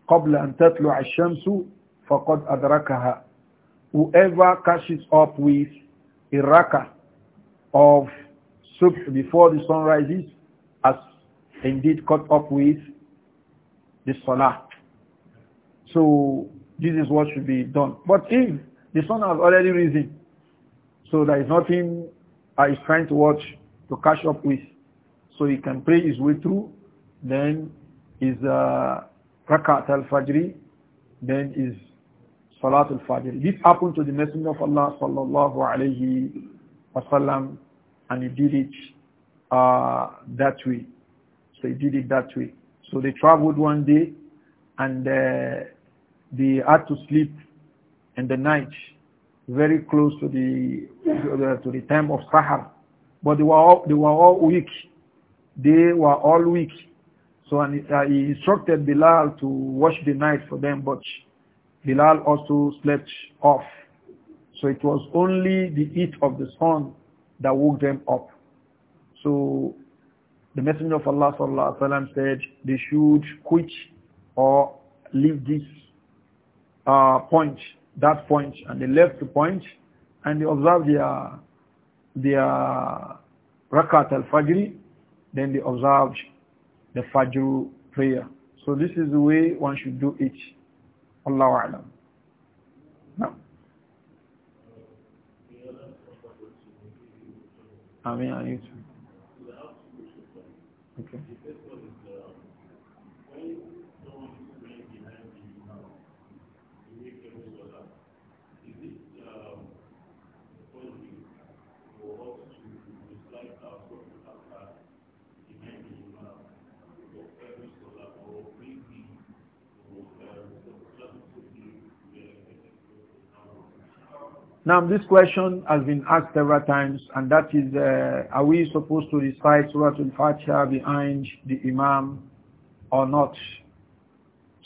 قبل أن تطلع الشمس فقد أدركها. Whoever catches up with a raka of subh before the sun rises as indeed caught up with the salah. So this is what should be done. But if the sun has already risen, so there is nothing I is trying to watch to catch up with. So he can pray his way through, then is uh, al-fajri, then is salat al-fajri. This happened to the Messenger of Allah sallallahu alayhi wa sallam and he did it uh, that way. So he did it that way. So they traveled one day and uh, they had to sleep in the night very close to the to the time of Sahar. But they were all, they were all weak. They were all weak. So and uh, he instructed Bilal to watch the night for them, but Bilal also slept off. So it was only the heat of the sun that woke them up. So the Messenger of Allah sallallahu alaihi wasallam said they should quit or leave this uh, point, that point, and they left the point, and they observed their their rakat al fajr, then they observed the fajr prayer. So this is the way one should do it. Allahu alam. I mean, I used to. Okay. Now, this question has been asked several times, and that is, uh, are we supposed to recite Surah Al-Fatiha behind the Imam or not?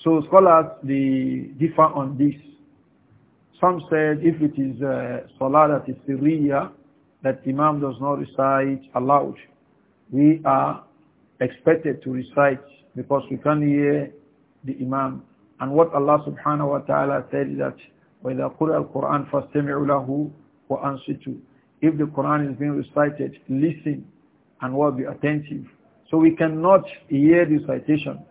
So scholars, they differ on this. Some said if it is uh, Salah that is Siriyah, that Imam does not recite aloud. We are expected to recite because we can hear the Imam. And what Allah subhanahu wa ta'ala said is that وَإِذَا قُرِئَ الْقُرْآنُ فَاسْتَمِعُوا لَهُ وَأَنصِتُوا If the Quran is being recited, listen and what be attentive. So we cannot hear the recitation.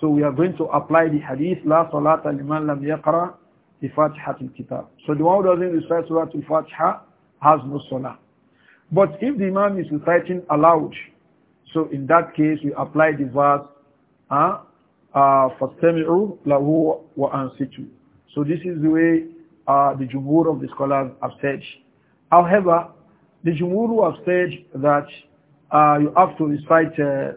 So we are going to apply the hadith, لا صلاة لمن لم يقرأ بفاتحة الكتاب. So the one who doesn't recite Surah al has no salah. But if the Imam is reciting aloud, so in that case we apply the verse, uh, فَاسْتَمِعُوا لَهُ وَأَنْسِتُوا. So this is the way uh, the Jumhur of the scholars have said. However, the Jumhur have said that uh, you have to recite uh,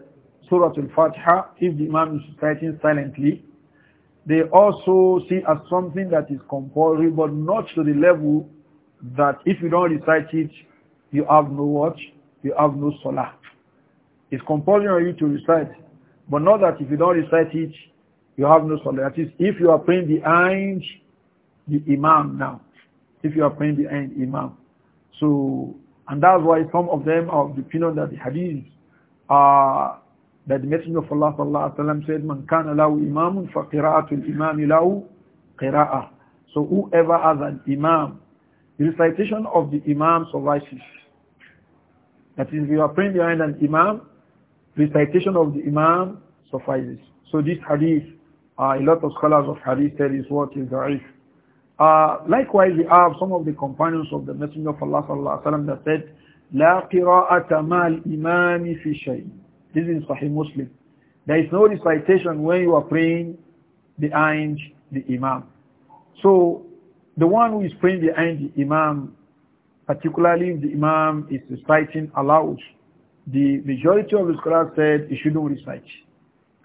Surah Al-Fatiha if the Imam is reciting silently. They also see as something that is compulsory, but not to the level that if you don't recite it, you have no watch, you have no salah. It's compulsory on you to recite, but not that if you don't recite it, you have no salah. That is, if you are praying behind the imam now, if you are praying behind imam. So, and that's why some of them are of the opinion that the hadith uh, that the Messenger of Allah sallallahu alaihi wasallam said, "Man kana allow imamun fa qira'atul imami lahu qira'ah." So whoever has an imam, the recitation of the imam suffices. That is, if you are praying behind an imam, recitation of the imam suffices. So this hadith, uh, a lot of scholars of hadith said is what is da'if. Uh, likewise, we have some of the companions of the Messenger of Allah sallallahu alaihi wasallam that said, لا قراءة ma'al imami في شيء. This is Sahih Muslim. There is no recitation when you are praying behind the imam. So, the one who is praying behind the imam, particularly if the imam is reciting aloud, the majority of the scholars said he shouldn't recite.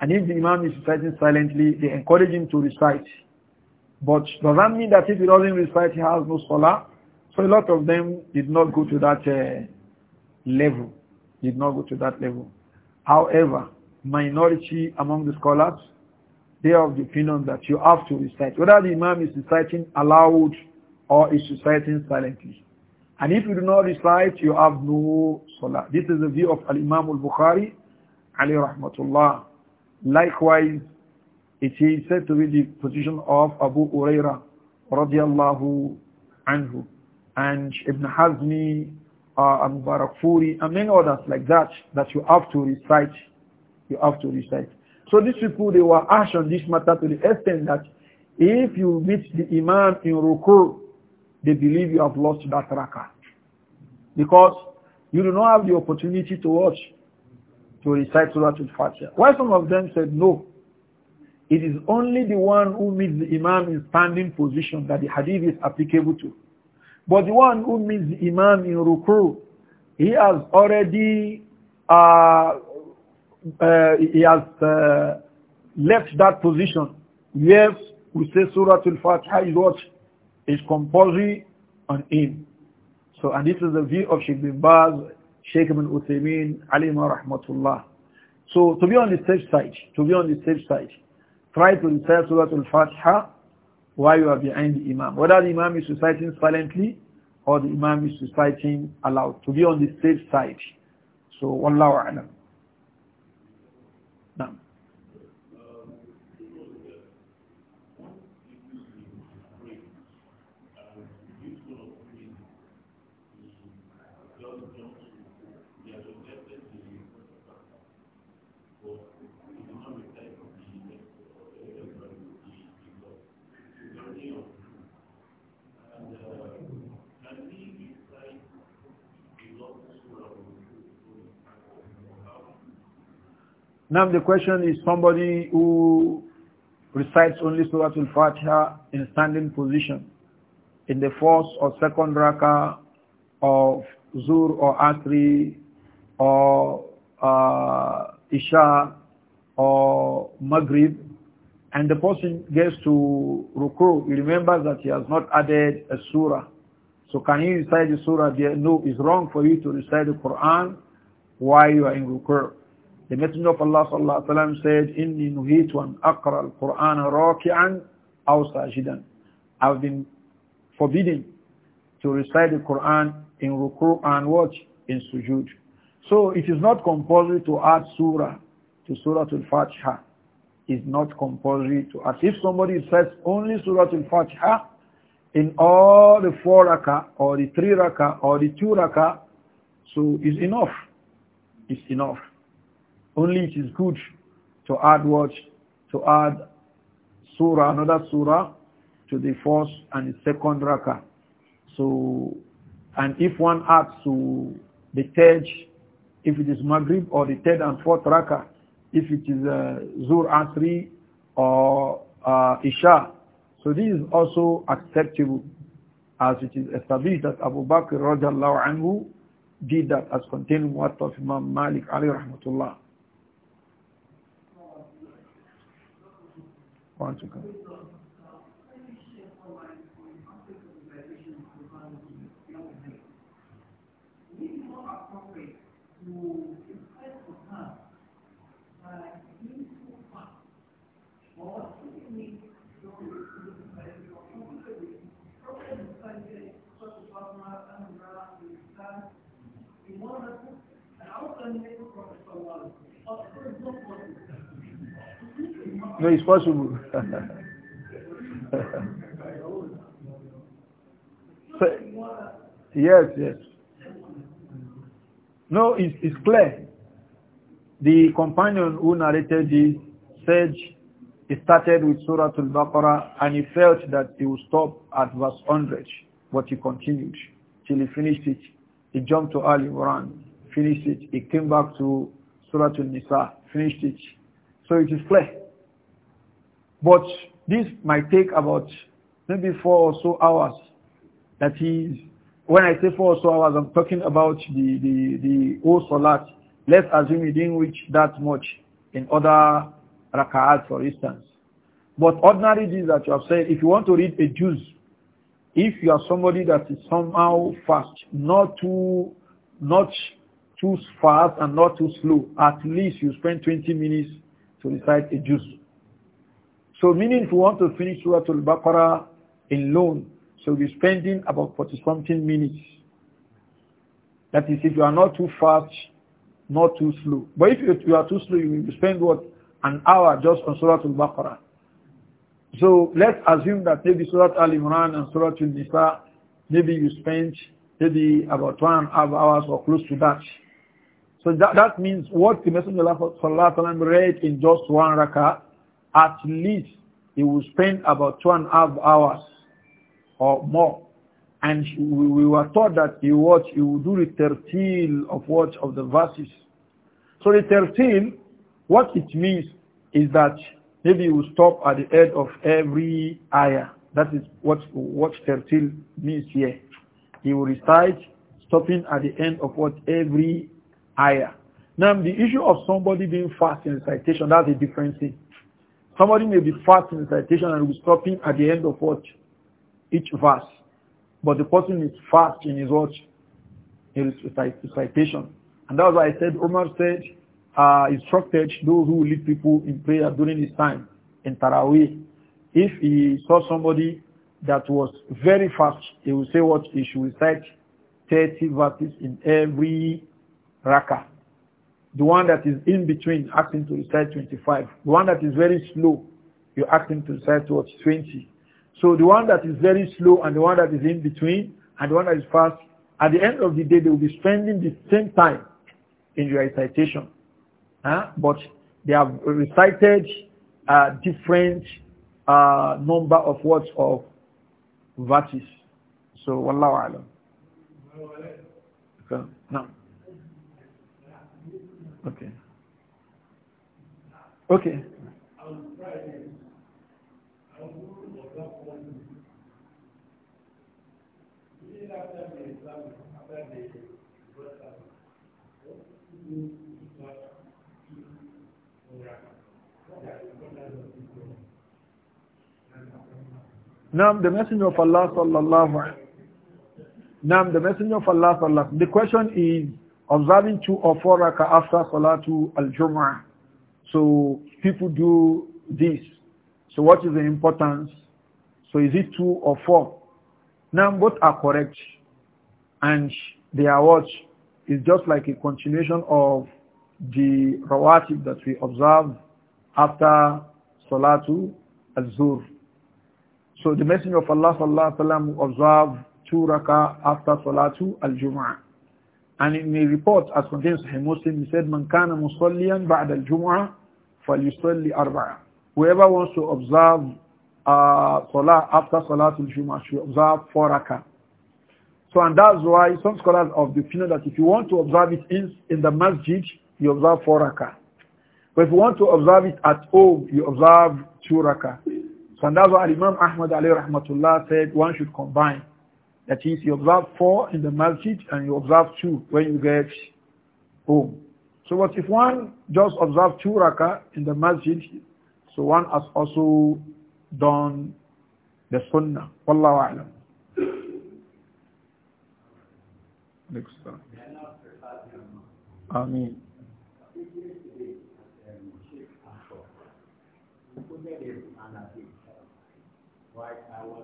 And if the imam is reciting silently, they encourage him to recite. But does that mean that if he doesn't recite, he has no salah? So a lot of them did not go to that uh, level, did not go to that level. However, minority among the scholars, they are of the opinion that you have to recite, whether the imam is reciting aloud or is reciting silently. And if you do not recite, you have no salah. This is the view of Al-Imam al-Bukhari, Ali rahmatullah. Likewise, it is said to be the position of Abu Uraira radiallahu anhu and Ibn Hazmi uh, and Barakfuri and many others like that that you have to recite. You have to recite. So these people, they were asked on this matter to the extent that if you meet the Imam in Ruku, they believe you have lost that Rakat Because you do not have the opportunity to watch, to recite Surah Al-Fatiha. Why some of them said no, it is only the one who meets the Imam in standing position that the hadith is applicable to. But the one who meets the Imam in ruku, he has already uh, uh, he has uh, left that position. Yes, we say Surah Al-Fatiha is what is compulsory on him. So, and this is the view of Sheikh bin Baz, Sheikh bin Uthaymeen, Alima Rahmatullah. So, to be on the safe side, to be on the safe side, Try to recite Surah Al-Fatiha while you are behind the Imam. Whether the Imam is reciting silently or the Imam is reciting aloud. To be on the safe side. So, Wallahu A'lam. Now the question is somebody who recites only Surah Al-Fatiha in standing position in the first or second rakah of Zur or Asri or uh, Isha or Maghrib and the person gets to Ruku, he remembers that he has not added a surah. So can you recite the surah there? No, it's wrong for you to recite the Quran while you are in Ruku. The Messenger of Allah sallallahu alaihi wasallam said, "Inni nuhitu an aqra al-Qur'an raki'an aw sajidan." I've been forbidden to recite the Quran in ruku and watch in sujud. So it is not compulsory to add surah to surah al-Fatiha. It's not compulsory to add. If somebody says only surah al-Fatiha in all the four raka or the three raka or the two raka, so it's enough. It's enough. Only it is good to add what? To add surah, another surah to the first and the second rakah. So, and if one adds to the third, if it is Maghrib or the third and fourth rakah, if it is uh, Zur Asri or uh, Isha, so this is also acceptable as it is established that Abu Bakr radiallahu anhu did that as containing what of Imam Malik alayhi rahmatullah. one to go. Thank you. No, it's possible. yes, yes. No, it's, it's clear. The companion who narrated this said he started with Surah Al-Baqarah and he felt that he would stop at verse 100, but he continued till he finished it. He jumped to Al Imran, finished it. He came back to Surah Al-Nisa, finished it. So it is clear. But this might take about maybe four or so hours. That is, when I say four or so hours, I'm talking about the, the, the whole Salat. Let's assume you didn't reach that much in other rakaat, for instance. But ordinary things that you have said, if you want to read a juice, if you are somebody that is somehow fast, not too, not too fast and not too slow, at least you spend 20 minutes to recite a juice. So meaning if we want to finish Surah Al-Baqarah in loan, so we're spending about 40 something minutes. That is if you are not too fast, not too slow. But if you are too slow, you will spend what? An hour just on Surah Al-Baqarah. So let's assume that maybe Surah Al-Imran and Surah Al-Nisa, maybe you spend maybe about one and a half hours or close to that. So that, that means what the Messenger of Allah read in just one rakah, at least he will spend about two and a half hours or more. And we were taught that he watch, he will do the thirteen of what of the verses. So the thirteen, what it means is that maybe he will stop at the end of every ayah. That is what what thirteen means here. He will recite, stopping at the end of what every ayah. Now the issue of somebody being fast in recitation, that's a different thing. Somebody may be fast in recitation and will stop him at the end of what? Each verse. But the person is fast in his what? His recitation. And that's why I said, Omar said, uh, instructed those who lead people in prayer during his time in Taraweeh. If he saw somebody that was very fast, he would say what? He should recite 30 verses in every rakah. The one that is in between, ask him to recite 25. The one that is very slow, you ask him to recite towards 20. So the one that is very slow and the one that is in between and the one that is fast, at the end of the day, they will be spending the same time in your recitation. Huh? But they have recited different uh, number of words of verses. So, wallahu alam. Okay. Now. Okay. Okay. Now the messenger of Allah sallallahu Now the messenger of Allah sallallahu The question is observing two or four raka after Salatu al-Jum'ah. So people do this. So what is the importance? So is it two or four? Now both are correct. And they are is just like a continuation of the rawatib that we observe after Salatu al-Zuhr. So the Messenger of Allah sallallahu alaihi wasallam observed two raka after Salatu al-Jum'ah. And in a report as contains a Muslim, he said, Man kana musalliyan ba'da al-jum'ah falyusalli arba'a. Whoever wants to observe uh, salah after salatul jum'ah should observe four rakah. So and that's why some scholars of the opinion that if you want to observe it in, in the masjid, you observe four rakah. But if you want to observe it at home, you observe two rakah. So and that's why Imam Ahmad alayhi rahmatullah said one should combine. That is, you observe four in the masjid and you observe two when you get home. So what if one just observes two rakah in the masjid, so one has also done the sunnah. Wallahu a'lam. Next time. I Right, I was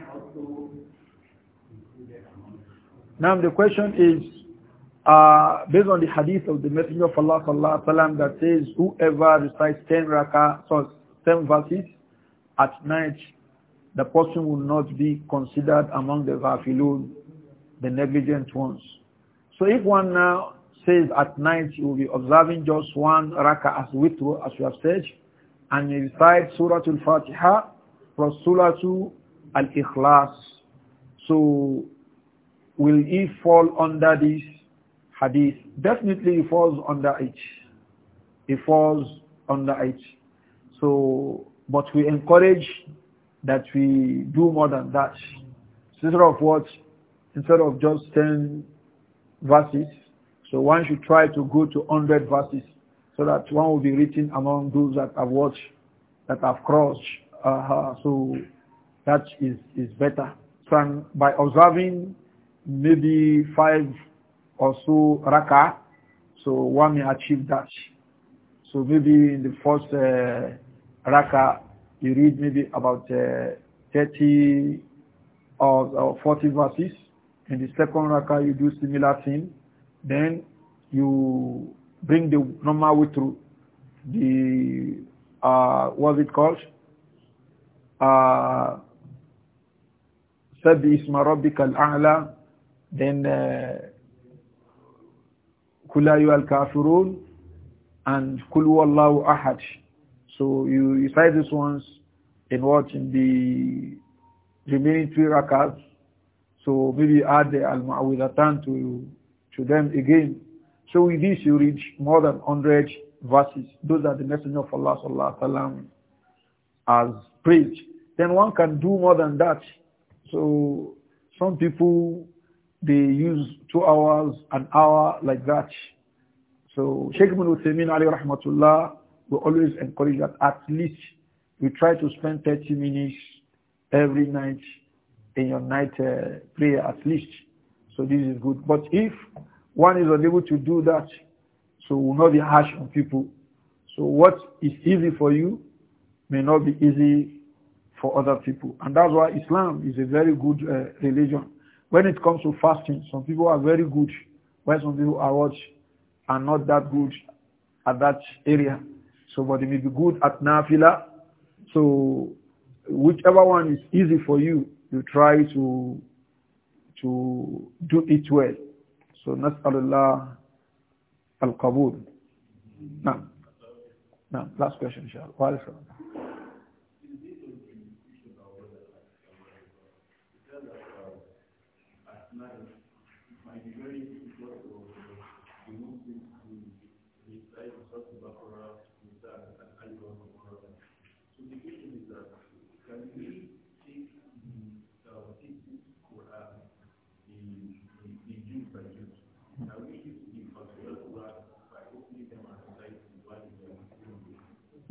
Now the question is, uh, based on the hadith of the Messenger of Allah sallallahu alaihi wasallam that says, whoever recites 10 rakah, so 10 verses at night, the person will not be considered among the ghafilun, the negligent ones. So if one now says at night he will be observing just one rakah as witr, as we have said, and he recites Surah Al-Fatiha plus Surah Al-Ikhlas. So will he fall under this hadith? Definitely he falls under it. He falls under it. So, but we encourage that we do more than that. Instead of what? Instead of just 10 verses, so one should try to go to 100 verses so that one will be written among those that have watched, that have crossed. Uh, so that is, is better. So by observing maybe five or so raka, so one may achieve that. So maybe in the first uh, you read maybe about uh, 30 or, or 40 verses. In the second raka you do similar thing. Then you bring the normal way through the uh, what's it called? Uh, سبح اسم then uh, Kulayu al Kafirun and Kulu Allahu Ahad. So you recite these ones in what in the remaining three rakats. So maybe add the al Ma'awidatan to to them again. So with this you reach more than 100 verses. Those are the Messenger of Allah sallallahu alaihi wasallam has preached. Then one can do more than that. So some people they use two hours, an hour like that. So Sheikh Ibn Uthaymeen Ali Rahmatullah will always encourage that at least you try to spend 30 minutes every night in your night uh, prayer at least. So this is good. But if one is unable to do that, so will not be harsh on people. So what is easy for you may not be easy for other people. And that's why Islam is a very good uh, religion. When it comes to fasting, some people are very good, while some people are what are not that good at that area. So, but they may be good at nafila. So, whichever one is easy for you, you try to to do it well. So, nas'alullah al-qabul. Now, now, last question, inshallah.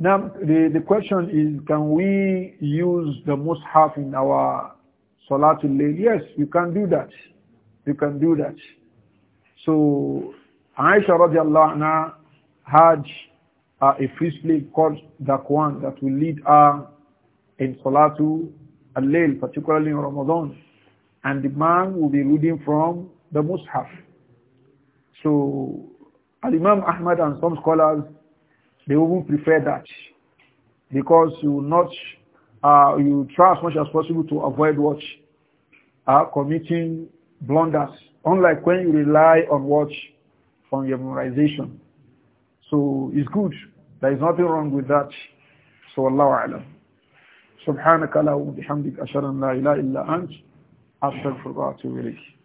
Now, the, the question is, can we use the mushaf in our Salatul Layl? Yes, you can do that. You can do that. So, Aisha radiallahu anha had uh, a priestly called Dakwan that will lead her in Salatul Layl, particularly in Ramadan. And the man will be reading from the mushaf. So, Al-Imam Ahmad and some scholars they even prefer that because you not uh, you try as much as possible to avoid what uh, committing blunders. Unlike when you rely on what on your memorization. So it's good. There is nothing wrong with that. So Allah alam. سبحانك اللهم وبحمدك أشهد أن لا إله إلا أنت أستغفرك وأتوب إليك